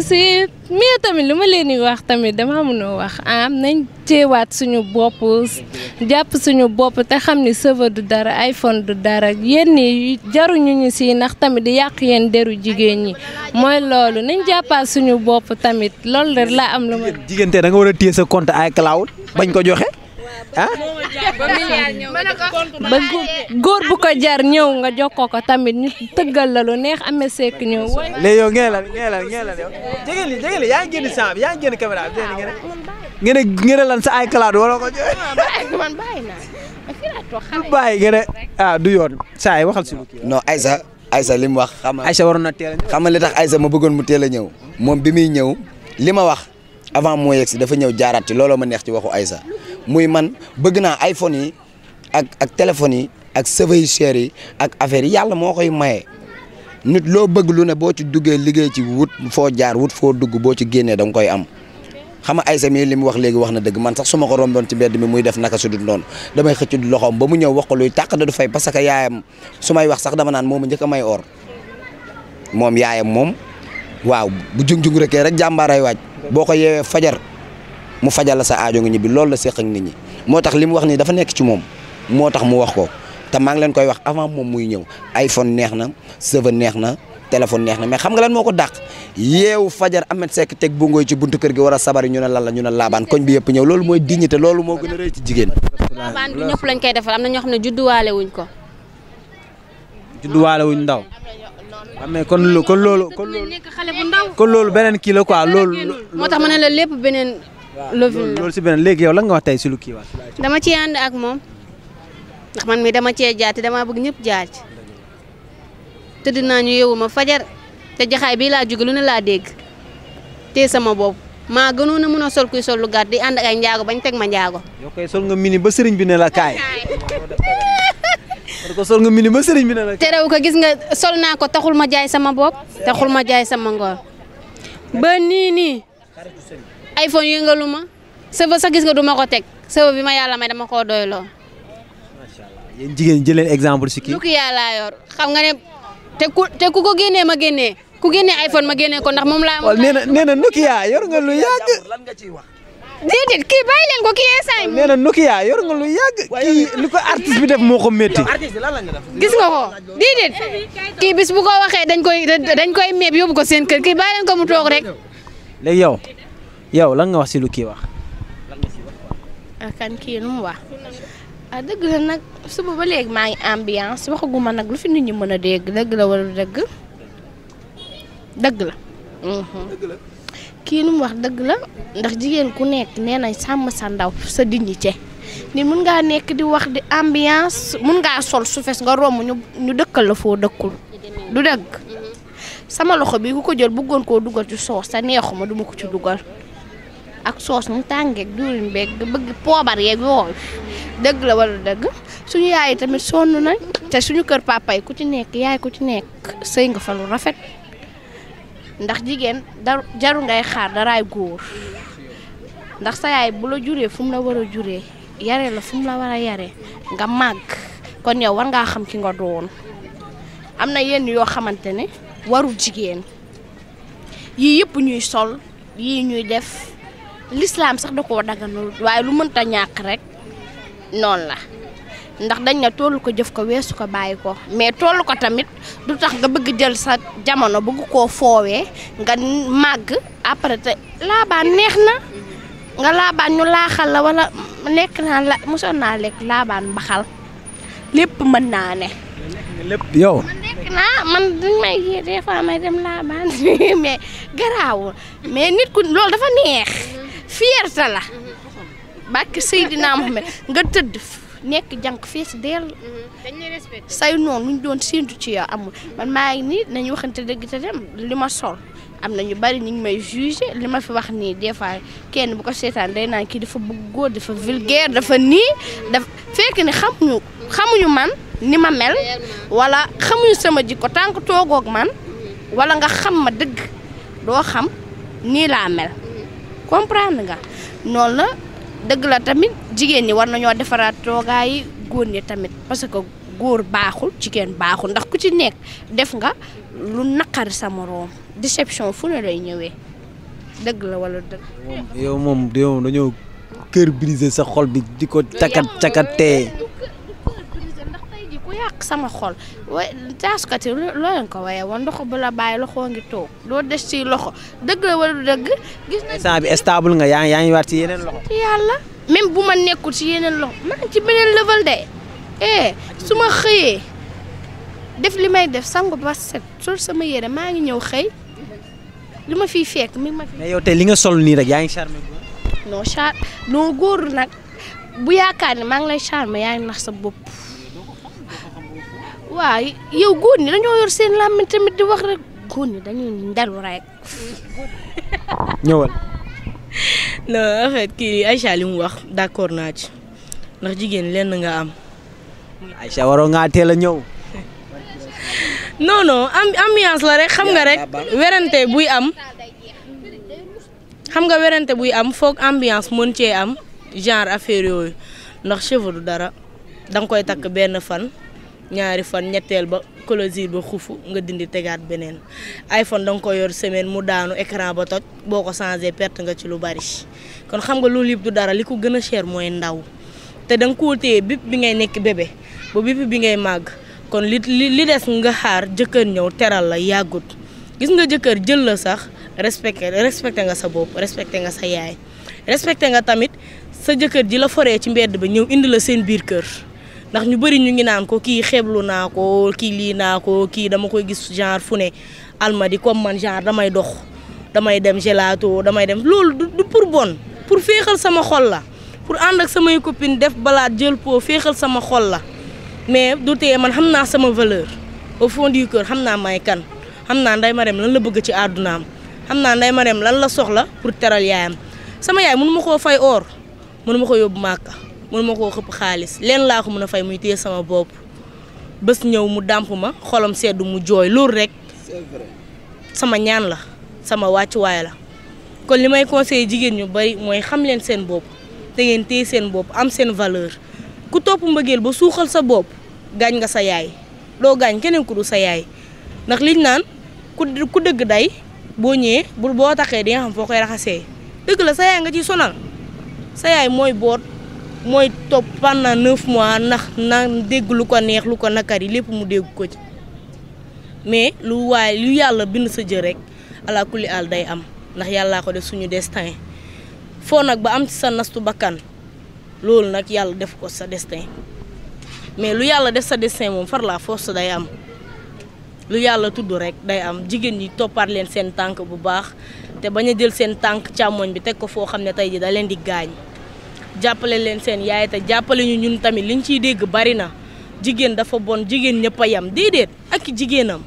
[SPEAKER 6] si. mais tamit lu ma leen di wax tamit dama mënoo wax am nañ ceewaat suñu bopp jàpp suñu bopp te xam ni serveur du dara iPhone du dara yéen ñi jaruñu ñu si ndax tamit di yàq yéen deru jigéen ñi mooy loolu nañ jàppaat suñu bopp tamit loolu rek laa am. lu ma
[SPEAKER 1] jigéen tey da nga war a téye sa compte iCloud bañ ko joxe. ah
[SPEAKER 6] ba góor bu ko jar ñëw nga jox ko tamit ñu tëggal la lu neex amee sekk ñëw. léegi yow ngeen la
[SPEAKER 1] ngeen sa ay kalaat wala ko jox.
[SPEAKER 3] Ah, man bàyyi naa
[SPEAKER 1] ah du yoon saa yi waxal si lu kii non Aïssa
[SPEAKER 4] Aïssa li mu wax xama Aïssa waroon na teel a ñëw xam nga bëggoon mu teel a ñëw moom bi muy ñëw li ma wax avant moo yegg dafa ñëw jaarat looloo ma neex ci waxu Aïssa muy man bëgg naa iPhone yi ak ak téléphones yi ak cheveux yu yi ak affaire yàlla moo koy maye. nit loo bëgg lu ne boo ci duggee liggéey ci wut foo jaar wut foo dugg boo ci génnee dang koy am xam nga Aïssa mii li mu wax léegi wax na dëgg man sax su ma ko romboon ci mbedd mi muy def naka su dul noonu damay xëcc loxoom ba mu ñëw wax ko luy tàq da du fay parce que yaayam su may wax sax dama naan moomu njëkk a may or moom yaayam moom waaw bu jung jung rekkee rek jàmbaaray waaj boo mu fajal sa aajo nga ñibbi loolu la seq ak nit ñi moo tax mu wax nii dafa nekk ci mu wax ko te maa ngi leen koy wax avant muy iPhone neex server seve neex na téléphone neex na mais xam nga lan fajar Ahmed tek teg bungoy ci buntu kër gi war sabar ñu ne lan la ñu ne laabaan koñ bi yëpp ñëw loolu mooy dignité loolu moo gën a rëy ci jigéen.
[SPEAKER 2] laabaan du ñëpp lañ koy defal am lolo ñoo xam ne wuñ ko.
[SPEAKER 1] wuñ ndaw. kon kon kon kon la quoi
[SPEAKER 2] la lovin loolu
[SPEAKER 1] si Lagi léegi yow lan nga wax tey si lu kii waat
[SPEAKER 2] dama ci ànd ak moom ndax man mi dama cee jaar te dama bëgg ñëpp jaar ci tëdd ñu yeewu ma fajar te jaxaay bii laa jóge lu ne laa dégg te sama bopp maa gënoon a mën sol kuy sol lu gàtt di ak ay njaago bañ teg ma njaago
[SPEAKER 1] yow koy sol nga mini ba sëriñ bi ne la kaay ko sol nga mini ba sëriñ bi ne la
[SPEAKER 2] terew ko gis nga sol naa ko taxul ma jaay sama bob, taxul ma jaay sama ngor ba nii nii iPhone lu ma sëfa sa gis nga du ko teg sëfa bi ma yàlla may dama koo doyloo. macha
[SPEAKER 1] allah jigéen jël leen exemple si kii. lu ki
[SPEAKER 2] yàlla xam nga ne te ku te ko génne ma génne ku génnee iPhone ma génnee ko ndax moom laa. moom nee na nee nga lu yàgg. lan ciy wax. déedéet kii bàyyi leen ko kii instant yii. nee na Nokia nga
[SPEAKER 1] lu yàgg. kii li ko artiste bi def moo ko métti. gis nga ko
[SPEAKER 2] déedéet kii bis bu ko waxee dañ koy dañ koy méb yóbbu ko seen kër kii bàyyi leen ko mu toog rek.
[SPEAKER 1] léegi yow lan nga wax ci lu ki wax lan nga
[SPEAKER 3] ci wax kan ki wax ah deug la nak suba ba leg ma ngi ambiance waxuguma nak lu fi nit ñi mëna deg deug la wala deug deug la hmm deug la ki lu wax deug la ndax jigen ku nekk nenañ sam sa ndaw sa ci ni mën nga nekk di wax di ambiance mën nga sol su fess nga rom ñu ñu dekkal la fo dekkul du deug mhm. sama loxo bi ku ko jël bëggoon ko duggal ci soow sa neexuma duma ko ci duggal ak sos mu tangé duulim beeg bëgg pobar yeeg ya, yooyu dëgg la wala dëgg suñu yaay tamit sonn na te suñu kër papa ku ci nekk yaay ku ci nekk sëy nga fa lu rafet ndax jigéen jaru ngay xaar daraay góor ndax sa yaay bu la juree fu mu la war a juree yare la fu la war a ya nga màgg kon yow ya, war ngaa xam ki nga doon am na yenn yoo xamante ne warul jigéen yii ñuy sol yii ñuy def l'islam sax da koo daganul waaye lu mënta ñàkk rek noonu la ndax dañ ne tollu ko jëf ko weesu ko bàyyi ko mais tollu ko tamit du tax nga bëgg jël sa jamono bëgg koo foowee nga màgg après laabaan neex na nga laabaan ñu laaxal la wala nekk naa la mosoon naa lekk laabaan baxal lépp mën naa ne. lépp yow. naa man duñ may yee des may dem laabaan mais garaawul mais nit ku loolu dafa neex. fierté la bàkki Seydina Mohamed nga tëdd nekk jànq fees dell say noonu lu ñu doon séntu ci amul man maa ngi nii nañu waxante dëgg te dem li ma sol am na ñu bari ñu may jugé li ma fi wax nii des fois kenn bu ko seetaan day naan kii dafa bëgg góor dafa vulgaire dafa nii dafa fekk xamuñu xamuñu man ni ma mel walla xamuñu sama jikko tànk toogoog man walla nga xam ma dëgg doo xam nii laa mel comprendre nga noonu la dëgg la tamit jigéen ñi war nañoo defaraat toogaayi góor ñi tamit parce que góor baaxul jigéen baaxul ndax ku ci nekk def nga lu naqari sa moroom déception fu ne lay ñëwee dëgg la wala dëgg.
[SPEAKER 1] yow moom yow dañoo cœur brisé sa xol bi di ko cakat cakatee.
[SPEAKER 3] bu yàq sama xol wa taasukat yi loo leen ko waye woon loxo bu la bàyyi loxoo ngi toog doo des si loxo dëgg la wala dëgg. gis bi
[SPEAKER 1] stable nga yaa ngi yaa ngi war ci yeneen loxo.
[SPEAKER 3] bu ma nekkul ci yeneen loxo maa ngi ci beneen eh, ma xëyee def li may def sangu ba sama yére maa ngi ñëw xëy li ma fiy fekk mi ma.
[SPEAKER 1] li nga sol nii rek yaa ngi
[SPEAKER 3] góor. nag bu yaakaar ne maa ngi lay charmé yaa ngi nax sa bopp. waaye yow góor ñi dañoo yor seen làmmiñ tamit di wax rek góor ñi dañuy ndalu rek.
[SPEAKER 5] ñëwal. non en fait kii Aïcha li mu wax d'accord naa ci ndax jigéen leen nga am.
[SPEAKER 1] Aïcha waroo ngaa teel a ñëw.
[SPEAKER 5] non non am ambiance la rek xam nga rek werante buy am xam nga werante buy am foog ambiance mën cee am genre affaire yooyu ndax cheveux du dara danga koy takk benn fan. ñaari fan ñetteel ba clôture ba xuufu nga dindi tegaat beneen iPhone da nga ko yor semaine mu daanu écran ba toj boo ko changé perte nga ci lu bari kon xam nga loolu yëpp du dara li ko gën a cher mooy ndaw te da nga koo téye bépp bi ngay nekk bébé ba bépp bi ngay màgg kon li li des nga xaar jëkkër ñëw teral la yàggut gis nga jëkkër jël la sax respecté respecté nga sa bopp respecté nga sa yaay respecté nga tamit sa jëkkër ji la foree ci mbedd ba ñëw indi la seen biir kër. ndax ñu bëri ñu ngi naan ko kii xeeblu naa ko kii lii naa ko kii dama koy gis genre fu ne almadi comme man genre damay dox damay dem gelato damay dem loolu du pour bon pour féexal sama xol la pour ànd ak samay copine def balaat jël po féexal sama xol la mais du te man xam naa sama valeur au fond du cœur xam naa may kan xam naa nday ma dem lan la bëgg ci àddunaam xam naa nday ma lan la soxla pour teral yaayam sama yaay mënu ma koo fay or mënu ma ko yóbbu màkka mënu ma koo xëpp xaalis leen laa ko mën a fay muy téye sama bopp bés ñëw mu dàmp ma xolam sedd mu jooy loolu rek sama ñaan la sama wàccuwaay la kon li may conseillé jigéen ñu bari mooy xam leen seen bopp te ngeen téye seen bopp am seen valeur ku topp mbëggeel ba suuxal sa bopp gaañ nga sa yaay doo gaañ keneen ku du sa yaay ndax liñ naan ku ku dëgg day boo ñëwee bul boo taxee di nga xam foo koy raxasee dëgg la sa yaay nga ciy sonal sa yaay mooy boot Moy top pendant 9 mois nak na deg lu ko neex lu ko nakari lepp mu deg ko ci mais lu way lu yalla bind sa rek ala kulli al day am nak yalla ko def suñu destin fo nak ba am ci sa nastu bakan lol nak yalla def ko sa destin mais lu yalla def sa destin mom far la force day am lu yalla tuddu rek day am jigen ni topar len sen tank bu bax te baña jël bi tek ko fo xamne tay ji da di jàppale leen seen yaay te jàppale ñu ñun tamit liñ ciy dégg bari na jigéen dafa bon jigéen ñëpp a yem déedéet ak jigéenam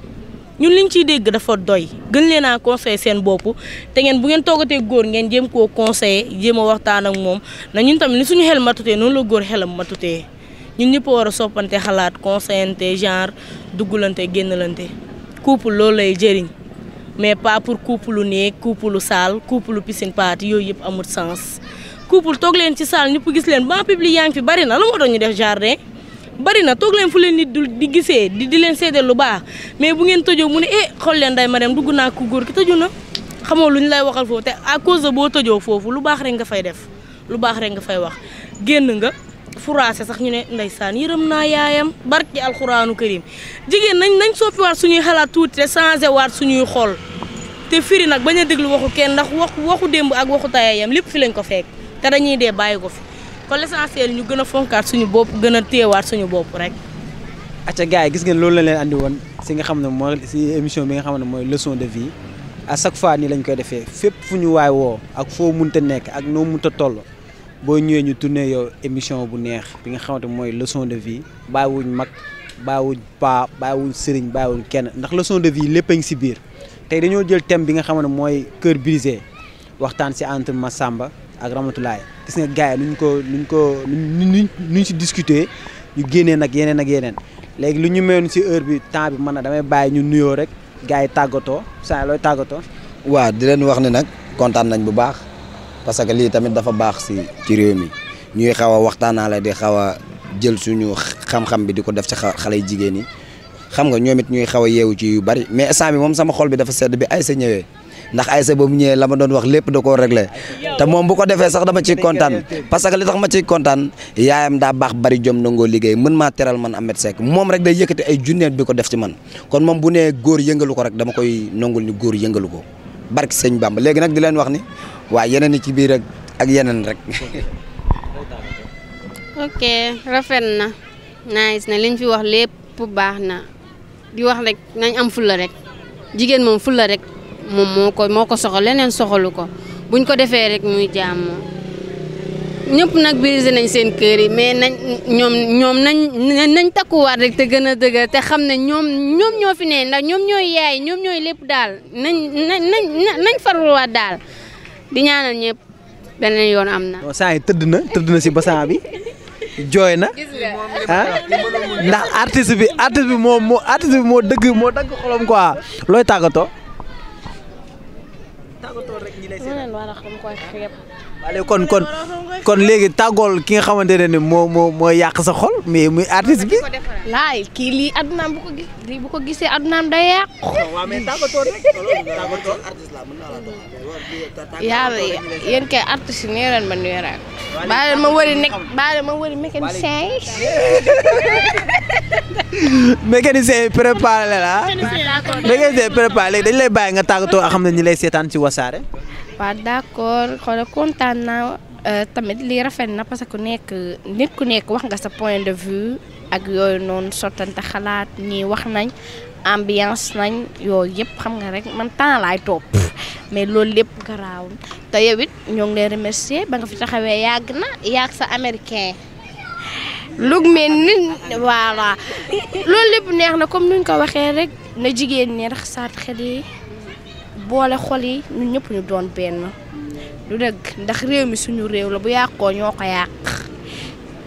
[SPEAKER 5] ñun liñ ciy dégg dafa doy gën leen a conseiller seen bopp te ngeen bu ngeen toogatee góor ngeen jéem koo conseiller jéem a waxtaan ak moom na ñun tamit ni suñu xel matutee noonu la góor xelam matute ñun ñëpp war a soppante xalaat conseillante genre duggalante génnalante couple loolu lay jëriñ mais pas pour couple lu néeg couple lu saal couple lu piscine party yooyu yëpp amul sens couple toog leen ci salle ñëpp gis leen ban public yaa ngi fi bari na la moo doon ñu def jardin bari na toog leen fu leen nit dul di gisee di di leen seedeel lu baax mais bu ngeen tëjoo mu ne eh, xool leen day ma dem naa ku góor ki tëju na xamoo lu ñu lay waxal foofu te à de boo tëjoo foofu lu baax rek nga fay def lu rek nga fay wax génn nga furaase sax ñu ne saan yërëm naa yaayam barki alxuraanu karim jigéen nañ nañ soppiwaat suñuy xalaat tuuti te changé waat suñuy xol te firi nag bañ a déglu waxu kenn ndax waxu waxu démb ak waxu tayayam lépp fi lañ ko fekk te dañuy dee bàyyi ko fi kon l'essentiel ñu gën a fonkaat suñu bopp gën a téewaat suñu bopp rek.
[SPEAKER 1] acca gars yi gis ngeen loolu la leen indi woon si nga xam ne mooy si émission bi nga xam ne mooy lesson de vie à chaque fois nii lañ koy defee fépp fu ñu waay woo ak foo munta nekk ak noo munta toll boo ñëwee ñu tourné yow émission bu neex bi nga xamante mooy leçon de vie bàyyiwuñ mag bàyyiwuñ paa bàyyiwuñ sëriñ bàyyiwuñ kenn ndax leçon de vie lépp a ngi si biir tey dañoo jël thème bi nga xam ne mooy kër brisé waxtaan si entre ma Massamba ak Ramatulaay gis nga gars lu luñ ko luñ ko luñ luñ si discuter ñu génnee nag yeneen ak yeneen léegi lu ñu mayoon si heure bi temps bi man na damay bàyyi ñu nuyoo rek gars yi tàggatoo saa looy tàggatoo.
[SPEAKER 4] waaw di leen wax ne nag kontaan nañ bu baax parce que lii tamit dafa baax si ci réew mi ñuy xaw a waxtaanaale di xaw a jël suñu xam-xam bi di ko def ci xale yi jigéen yi xam nga ñoom it ñuy xaw a yeewu ci yu bari mais instant bi moom sama xol bi dafa sedd bi ay sa ñëwee. ndax ASC ba mu ñëw lama doon wax lepp da ko régler té mom bu ko défé sax dama ci contane parce que li tax ma ci contane yaayam da bax bari jom nangoo liggéey mën ma téral man Ahmed sek eh, mom ya, rek day yëkëti ay junneet bi ko def ci man kon mom bu né goor yëngalu ko rek dama koy nongul ni goor yëngalu ko barki sëñ Bamba légui nak di leen wax ni wa yenen ci biir rek ak yenen rek
[SPEAKER 2] ok rafet na nice na liñ fi wax lépp baax na di wax rek nañ am fulla rek jigen mom fulla rek moom moo ko moo ko soxal leneen soxalu ko buñ ko defee rek muy jàmm ñëpp nag brisé nañ seen kër yi mais nañ ñoom ñoom nañ nañ takkuwaat rek te gën a dëgër te xam ne ñoom ñoom ñoo fi ne ndax ñoom ñooy yaay ñoom ñooy lépp daal nañ nañ nañ farluwaat daal di ñaanal ñëpp beneen yoon am na.
[SPEAKER 1] saa tëdd na tëdd na si basan bi. jooy na
[SPEAKER 2] ah. ndax
[SPEAKER 1] artiste bi artiste bi moo moo artiste bi dëgg moo dëgg xolom quoi looy tàggatoo.
[SPEAKER 3] a xam
[SPEAKER 1] kon kon kon léegi tàggool ki nga xamante ne ni moo moo moo yàq sa xol mais muy artiste bi.
[SPEAKER 3] laay kii lii addunaam bu ko gis lii bu ko gisee addunaam day yàq. waaw mais yàlla yéen kay artiste yi nee ma nuyu rek baa leen ma wëri nekk baa leen ma wëri mécanicien yi.
[SPEAKER 1] yi préparé la ah. mécanicien lay bàyyi nga tàggatoo ak xam ne ñi lay seetaan ci wasaare.
[SPEAKER 3] waaw d'accord xoolal kontaan naa euh, tamit lii rafet na parce que ku nekk nit ku nekk wax nga sa point de vue ak yooyu noonu sottante xalaat ñii wax nañ ambiance nañ yooyu yëpp xam nga rek man temps laay toog hmm. mais loolu lépp garaawul te yow it ñoo ngi lay remercier ba nga fi taxawee yàgg na yàgg sa américain lu mel ni voilà loolu lépp neex na comme nuñ ko waxee rek na jigéen ñi rax saat xel yi boole xol yi ñun ñëpp ñu doon benn lu dëgg ndax réew mi suñu réew la bu yàqoo ñoo ko yàq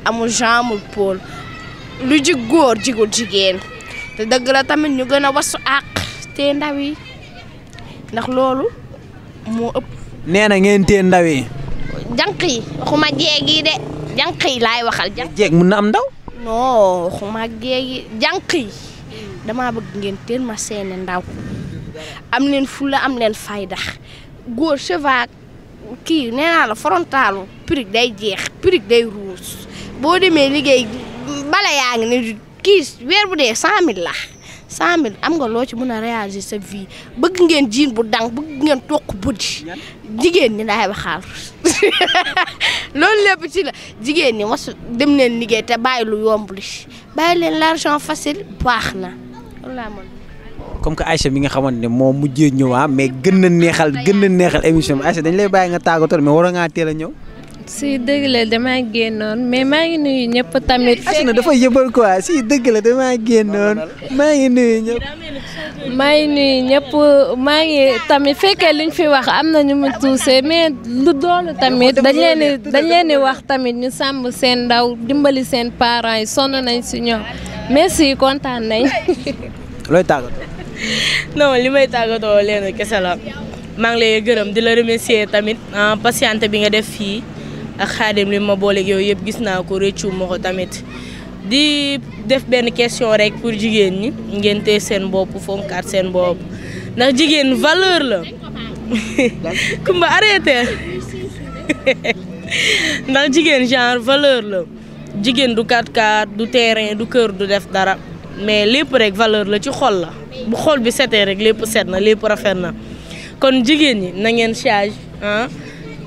[SPEAKER 3] amul genre amul pôle lu jig góor jigul jigéen te dëgg la tamit ñu gën a wasu àq te ndaw yi ndax loolu moo ëpp.
[SPEAKER 1] nee na ngeen téye ndaw yi.
[SPEAKER 3] jànq yi waxuma jeeg de jànq yi laay waxal.
[SPEAKER 1] jeeg mun na am ndaw.
[SPEAKER 3] noo waxuma jeeg yi jànq yi damaa bëgg ngeen teen ma seeni ndaw am leen fulla am leen fayda góor chevaux kii nee naa la frontalu pirig day jeex pirig day ruus boo demee liggéey bala yaa ngi ne. kii weer bu dee cent mille la cent am nga loo ci mën a réagir sa vie bëgg ngeen jiin bu dang bëgg ngeen toq buddi jigéen ñi laay waxaal loolu lépp ci la jigéen ñi wasu dem leen liggéey te bàyyi lu yomb li bàyyi leen l'argent facile baax na loolu laa mën
[SPEAKER 1] comme que Aïcha mi nga xamante ne moo mujjee ñëwaa mais gën na neexal gën na neexal émission bi Aïcha dañ lay bàyyi nga tàggatoo mais war ngaa teel a ñëw
[SPEAKER 6] si dëgg la damaa génnoon mais maa ngi nuyu ñëpp tamit. Asina dafa yëbal quoi si dëgg la damaa génnoon maa ngi maa ngi nuyu ñëpp maa ngi tamit fekkee luñ fi wax am na ñu mu tuuse mais lu doolu tamit dañ leen dañ leen di wax tamit ñu sàmm seen ndaw dimbali seen parent yi sonn nañ si ñoom merci kontaan nañ.
[SPEAKER 5] looy tàggatoo. non li may tàggatoo leen kese la maa ngi lay gërëm di la remercier tamit ah, patiente bi nga def fii. ak xaadim li ma booleeg yooyu yëpp gis naa ko réccu ma ko di def benn question rek pour jigéen ñi ngeen téye seen bopp fonkaat seen bopp ndax jigéen valeur la Kumba arrêté ndax jigéen genre valeur la jigéen du kat-kat du terrain du kër du def dara mais lépp rek valeur la ci xol la bu xol bi setee rek lépp set na lépp rafet na kon jigéen ñi na charge ah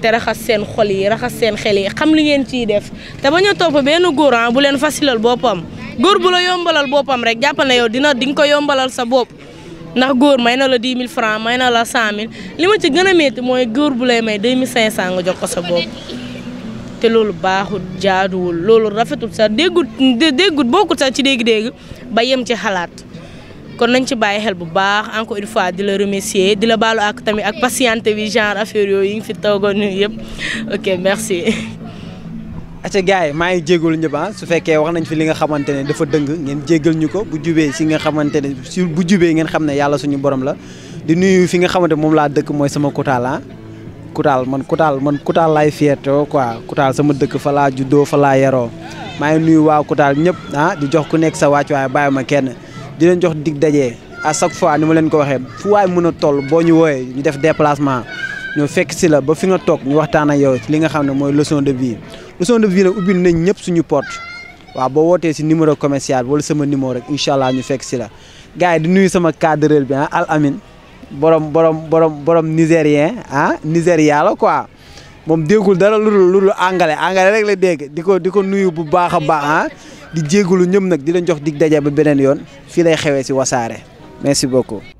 [SPEAKER 5] te raxas seen xol yi raxas seen xel yi xam li ngeen ciy def te bañ a topp benn góor ah, bu leen fasilal boppam góor bu la yombalal boppam rek jàppal yow dina di nga ko yombalal sa bopp ndax góor may na la 10 000 francs may na la 100 000 li ma ci gën a métti mooy góor bu lay may 2500 nga jox ko sa bopp te loolu baaxul jaaduwul loolu rafetul sa déggut déggut bokkut sax ci dégg-dégg ba yem ci xalaat kon nañ ci baye xel bu baax encore une fois di la remercier di la balu ak tamit ak patiente bi genre affaire yo yi nga fi ñu yëpp ok merci
[SPEAKER 1] acca gaay maa ngi jégalu ñëpp ba ah, su fekkee wax nañ fi li nga xamante dafa dëng ngeen ñuko bu jubé si nga xamante bu jubé ngeen xamné yalla suñu borom la di nuyu fi nga xamante mom la dëkk moy sama kutaal ah kutaal man kotal man kotal lay fiertoo quoi sama dëkk fa la juddo fa la yero may nuyu wa kutaal ñep ah di jox ku nek sa wàcc way bàyyi kenn di leen jox dig daje a chaque fois ni ma leen ko waxee fu waay mën a boo ñu wooyee ñu def déplacement ñu fekk si la ba fi nga toog ñu waxtaan ak yow li nga xam ne mooy leçon de vie leçon de vie nag ubbil nañ ñëpp suñu porte waaw boo wootee si numéro commercial wala sama numéro rek incha allah ñu fekk si la gars yi di nuyu sama cadreur bi ah Al Amin borom borom borom borom nigérien ah nigéria la quoi moom déggul dara lu dul lu angale angale rek la dégg di ko di ko nuyu bu baax a baax ah. di jégalu ñëm nag di jox dig daje ba beneen yoon fii lay xewee si wasaare merci beaucoup.